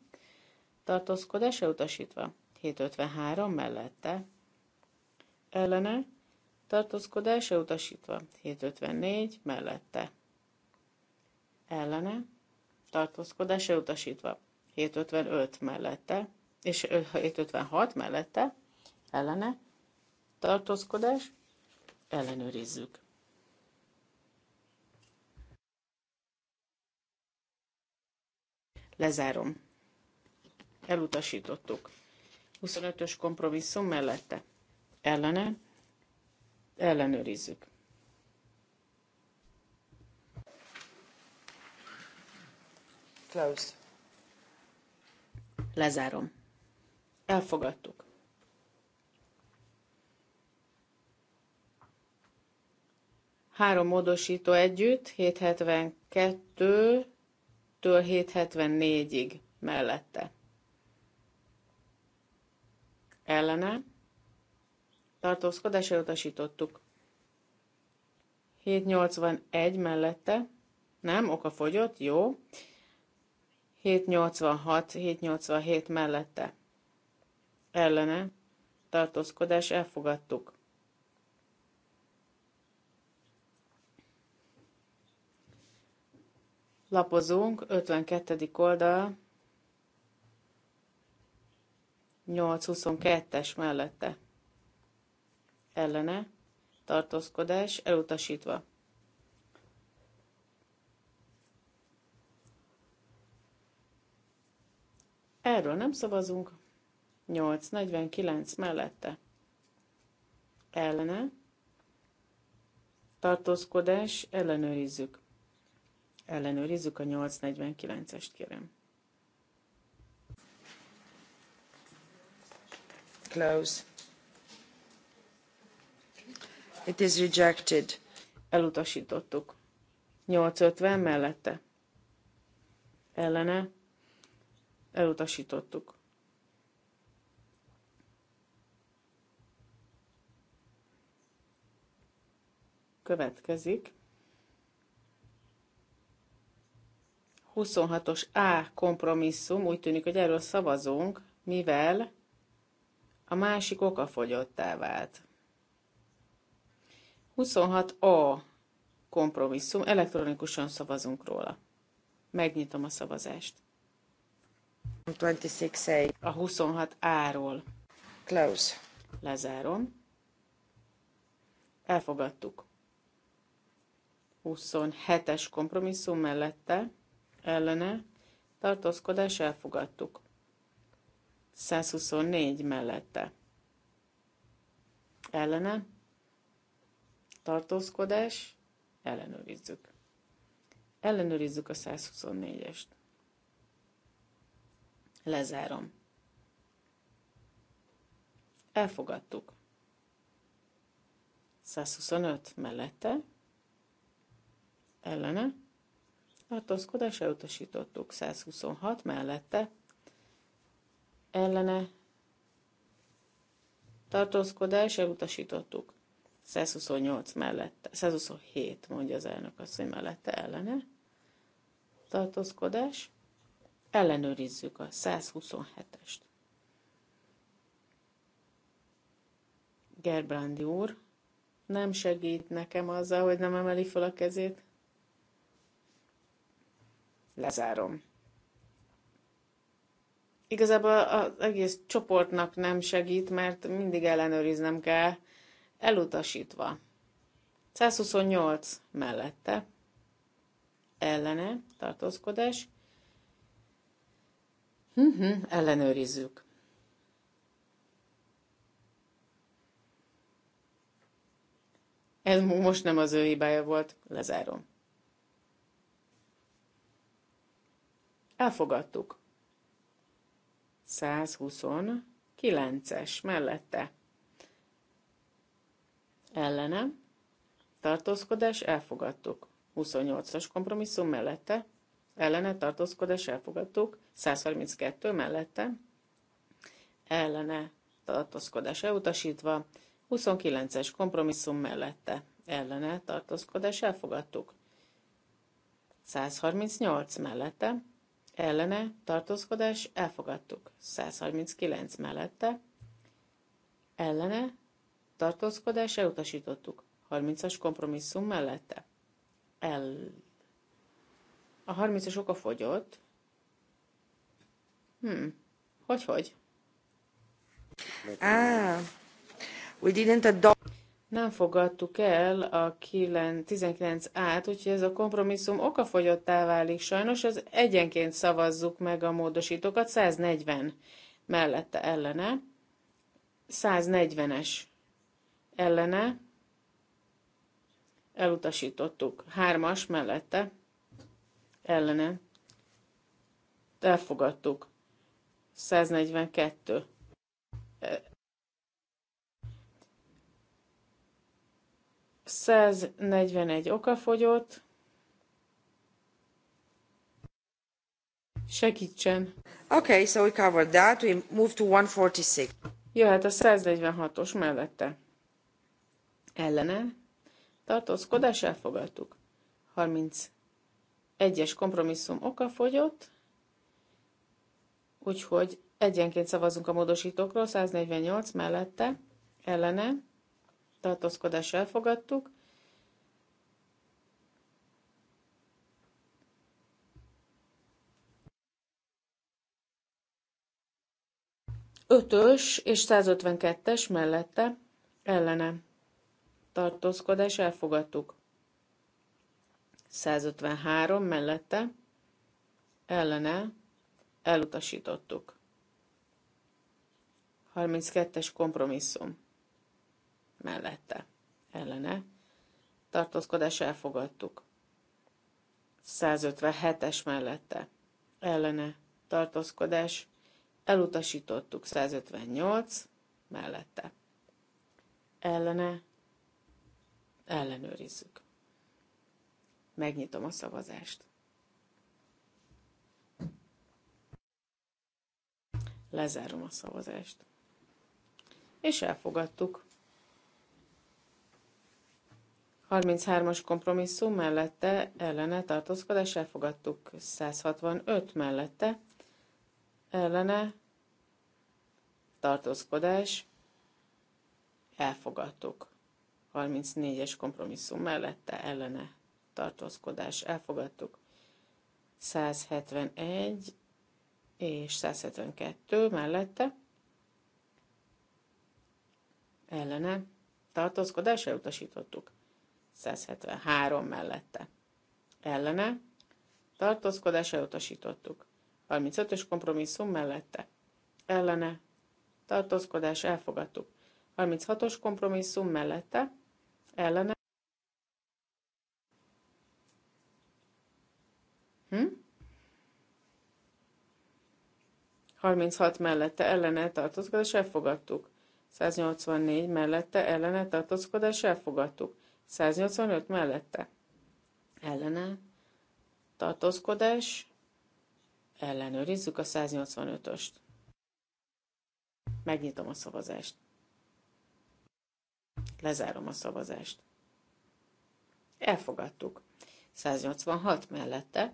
tartózkodás elutasítva. 753 mellette ellene tartózkodás elutasítva. 754 mellette ellene, tartózkodás elutasítva. 755 mellette, és 756 mellette, ellene, tartózkodás, ellenőrizzük. Lezárom. Elutasítottuk. 25-ös kompromisszum mellette. Ellene, ellenőrizzük. Closed. Lezárom. Elfogadtuk. Három módosító együtt, 772-től 774-ig mellette. Ellene. Tartózkodás elutasítottuk. 781 mellette. Nem, oka fogyott, jó. 786, 787 mellette ellene tartózkodás elfogadtuk. Lapozunk, 52. oldal, 822-es mellette. Ellene, tartózkodás elutasítva. Erről nem szavazunk. 849 mellette. Ellene. Tartózkodás, ellenőrizzük. Ellenőrizzük a 849-est, kérem. Close. It is rejected. Elutasítottuk. 850 mellette. Ellene Elutasítottuk. Következik. 26-os A kompromisszum, úgy tűnik, hogy erről szavazunk, mivel a másik fogyottá vált. 26A kompromisszum, elektronikusan szavazunk róla. Megnyitom a szavazást. 26A. A 26A-ról. Close. Lezárom. Elfogadtuk. 27-es kompromisszum mellette, ellene, tartózkodás elfogadtuk. 124 mellette. Ellene, tartózkodás, ellenőrizzük. Ellenőrizzük a 124-est. Lezárom. Elfogadtuk. 125 mellette, ellene, tartózkodás elutasítottuk. 126 mellette, ellene, tartózkodás elutasítottuk. 128 mellette, 127 mondja az elnök azt asszony mellette, ellene, tartózkodás ellenőrizzük a 127-est. Gerbrandi úr nem segít nekem azzal, hogy nem emeli fel a kezét. Lezárom. Igazából az egész csoportnak nem segít, mert mindig ellenőriznem kell, elutasítva. 128 mellette, ellene, tartózkodás, Uh-huh, ellenőrizzük. Ez most nem az ő hibája volt, lezárom. Elfogadtuk. 129-es mellette. Ellenem. Tartózkodás elfogadtuk. 28-as kompromisszum mellette ellene tartózkodás elfogadtuk, 132 mellette ellene tartózkodás elutasítva, 29-es kompromisszum mellette ellene tartózkodás elfogadtuk, 138 mellette ellene tartózkodás elfogadtuk, 139 mellette ellene tartózkodás elutasítottuk, 30-as kompromisszum mellette ellene. A 30-as oka fogyott. Hm. Hogy, hogy? Ah, we didn't adopt. Nem fogadtuk el a 19 át, úgyhogy ez a kompromisszum okafogyottá válik. Sajnos az egyenként szavazzuk meg a módosítókat, 140 mellette ellene, 140-es ellene, elutasítottuk, hármas mellette, ellene elfogadtuk. 142. E 141 okafogyott. Segítsen. Okay, so we covered that. We move to 146. Jöhet a 146-os mellette. Ellene. Tartózkodás elfogadtuk. 30 egyes kompromisszum oka fogyott, úgyhogy egyenként szavazunk a módosítókról, 148 mellette, ellene, tartózkodás elfogadtuk, ötös és 152-es mellette ellene tartózkodás elfogadtuk. 153 mellette ellene elutasítottuk. 32-es kompromisszum mellette ellene tartózkodás elfogadtuk. 157-es mellette ellene tartózkodás elutasítottuk. 158 mellette ellene ellenőrizzük. Megnyitom a szavazást. Lezárom a szavazást. És elfogadtuk. 33-as kompromisszum mellette ellene tartózkodás elfogadtuk. 165 mellette ellene tartózkodás elfogadtuk. 34-es kompromisszum mellette ellene tartózkodás elfogadtuk. 171 és 172 mellette ellene tartózkodás elutasítottuk. 173 mellette ellene tartózkodás elutasítottuk. 35-ös kompromisszum mellette ellene tartózkodás elfogadtuk. 36-os kompromisszum mellette ellene 36 mellette ellene tartózkodás elfogadtuk. 184 mellette ellene tartózkodás elfogadtuk. 185 mellette ellene tartózkodás ellenőrizzük a 185-öst. Megnyitom a szavazást. Lezárom a szavazást. Elfogadtuk. 186 mellette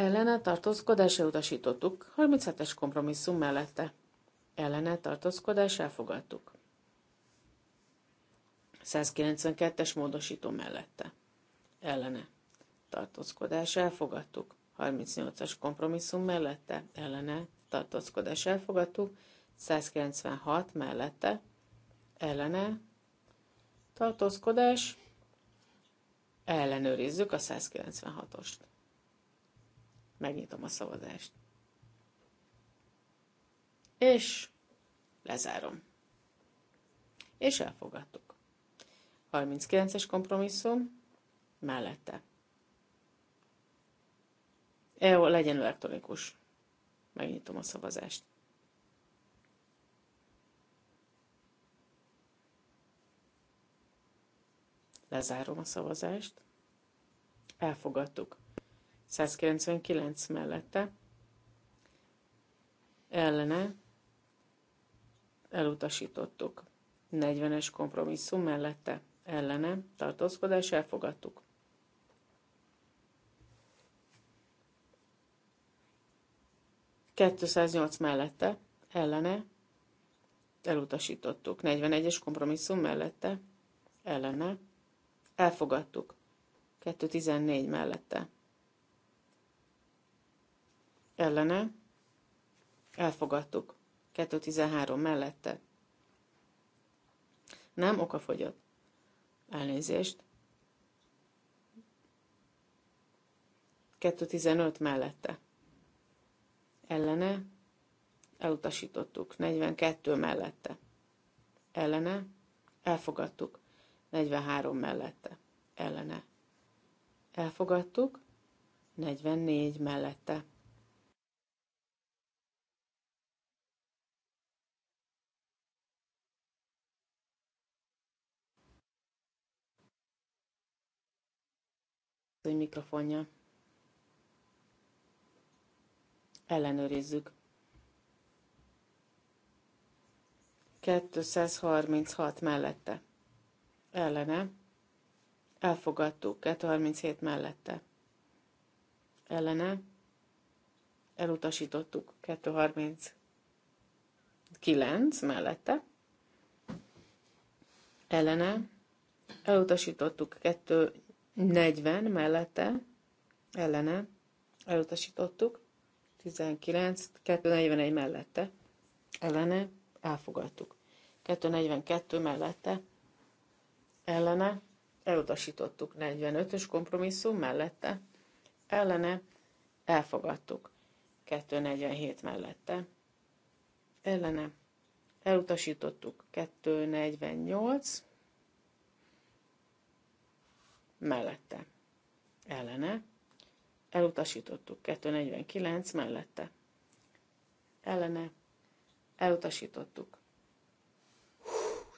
ellene tartózkodás elutasítottuk, 37-es kompromisszum mellette ellene tartózkodás elfogadtuk. 192-es módosító mellette ellene tartózkodás elfogadtuk, 38-as kompromisszum mellette ellene tartózkodás elfogadtuk, 196 mellette ellene tartózkodás ellenőrizzük a 196-ost. Megnyitom a szavazást. És lezárom. És elfogadtuk. 39-es kompromisszum mellette. Jó, e, legyen elektronikus. Megnyitom a szavazást. Lezárom a szavazást. Elfogadtuk. 199 mellette ellene elutasítottuk. 40-es kompromisszum mellette ellene tartózkodás elfogadtuk. kettőszáznyolc mellette, ellene, elutasítottuk. 41-es kompromisszum mellette, ellene, elfogadtuk. 214 mellette, ellene, elfogadtuk. 2.13 mellette. Nem okafogyott. Elnézést. 2.15 mellette. Ellene, elutasítottuk. 42 mellette. Ellene, elfogadtuk. 43 mellette. Ellene. Elfogadtuk. 44 mellette hogy mikrofonja. Ellenőrizzük. 236 mellette. Ellene. Elfogadtuk. 237 mellette. Ellene. Elutasítottuk. 239 mellette. Ellene. Elutasítottuk. 2 40 mellette ellene elutasítottuk, 19, 241 mellette ellene elfogadtuk, 242 mellette ellene elutasítottuk, 45-ös kompromisszum mellette ellene elfogadtuk, 247 mellette ellene elutasítottuk, 248 mellette. Ellene. Elutasítottuk. 249 mellette. Ellene. Elutasítottuk.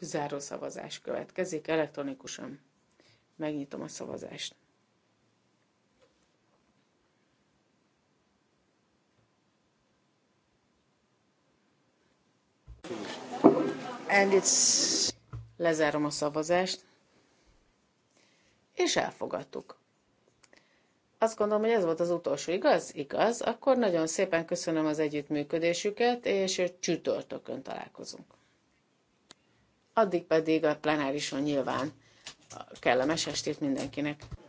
záró szavazás következik elektronikusan. Megnyitom a szavazást. And it's... Lezárom a szavazást és elfogadtuk. Azt gondolom, hogy ez volt az utolsó, igaz? Igaz. Akkor nagyon szépen köszönöm az együttműködésüket, és csütörtökön találkozunk. Addig pedig a plenárison nyilván kellemes estét mindenkinek.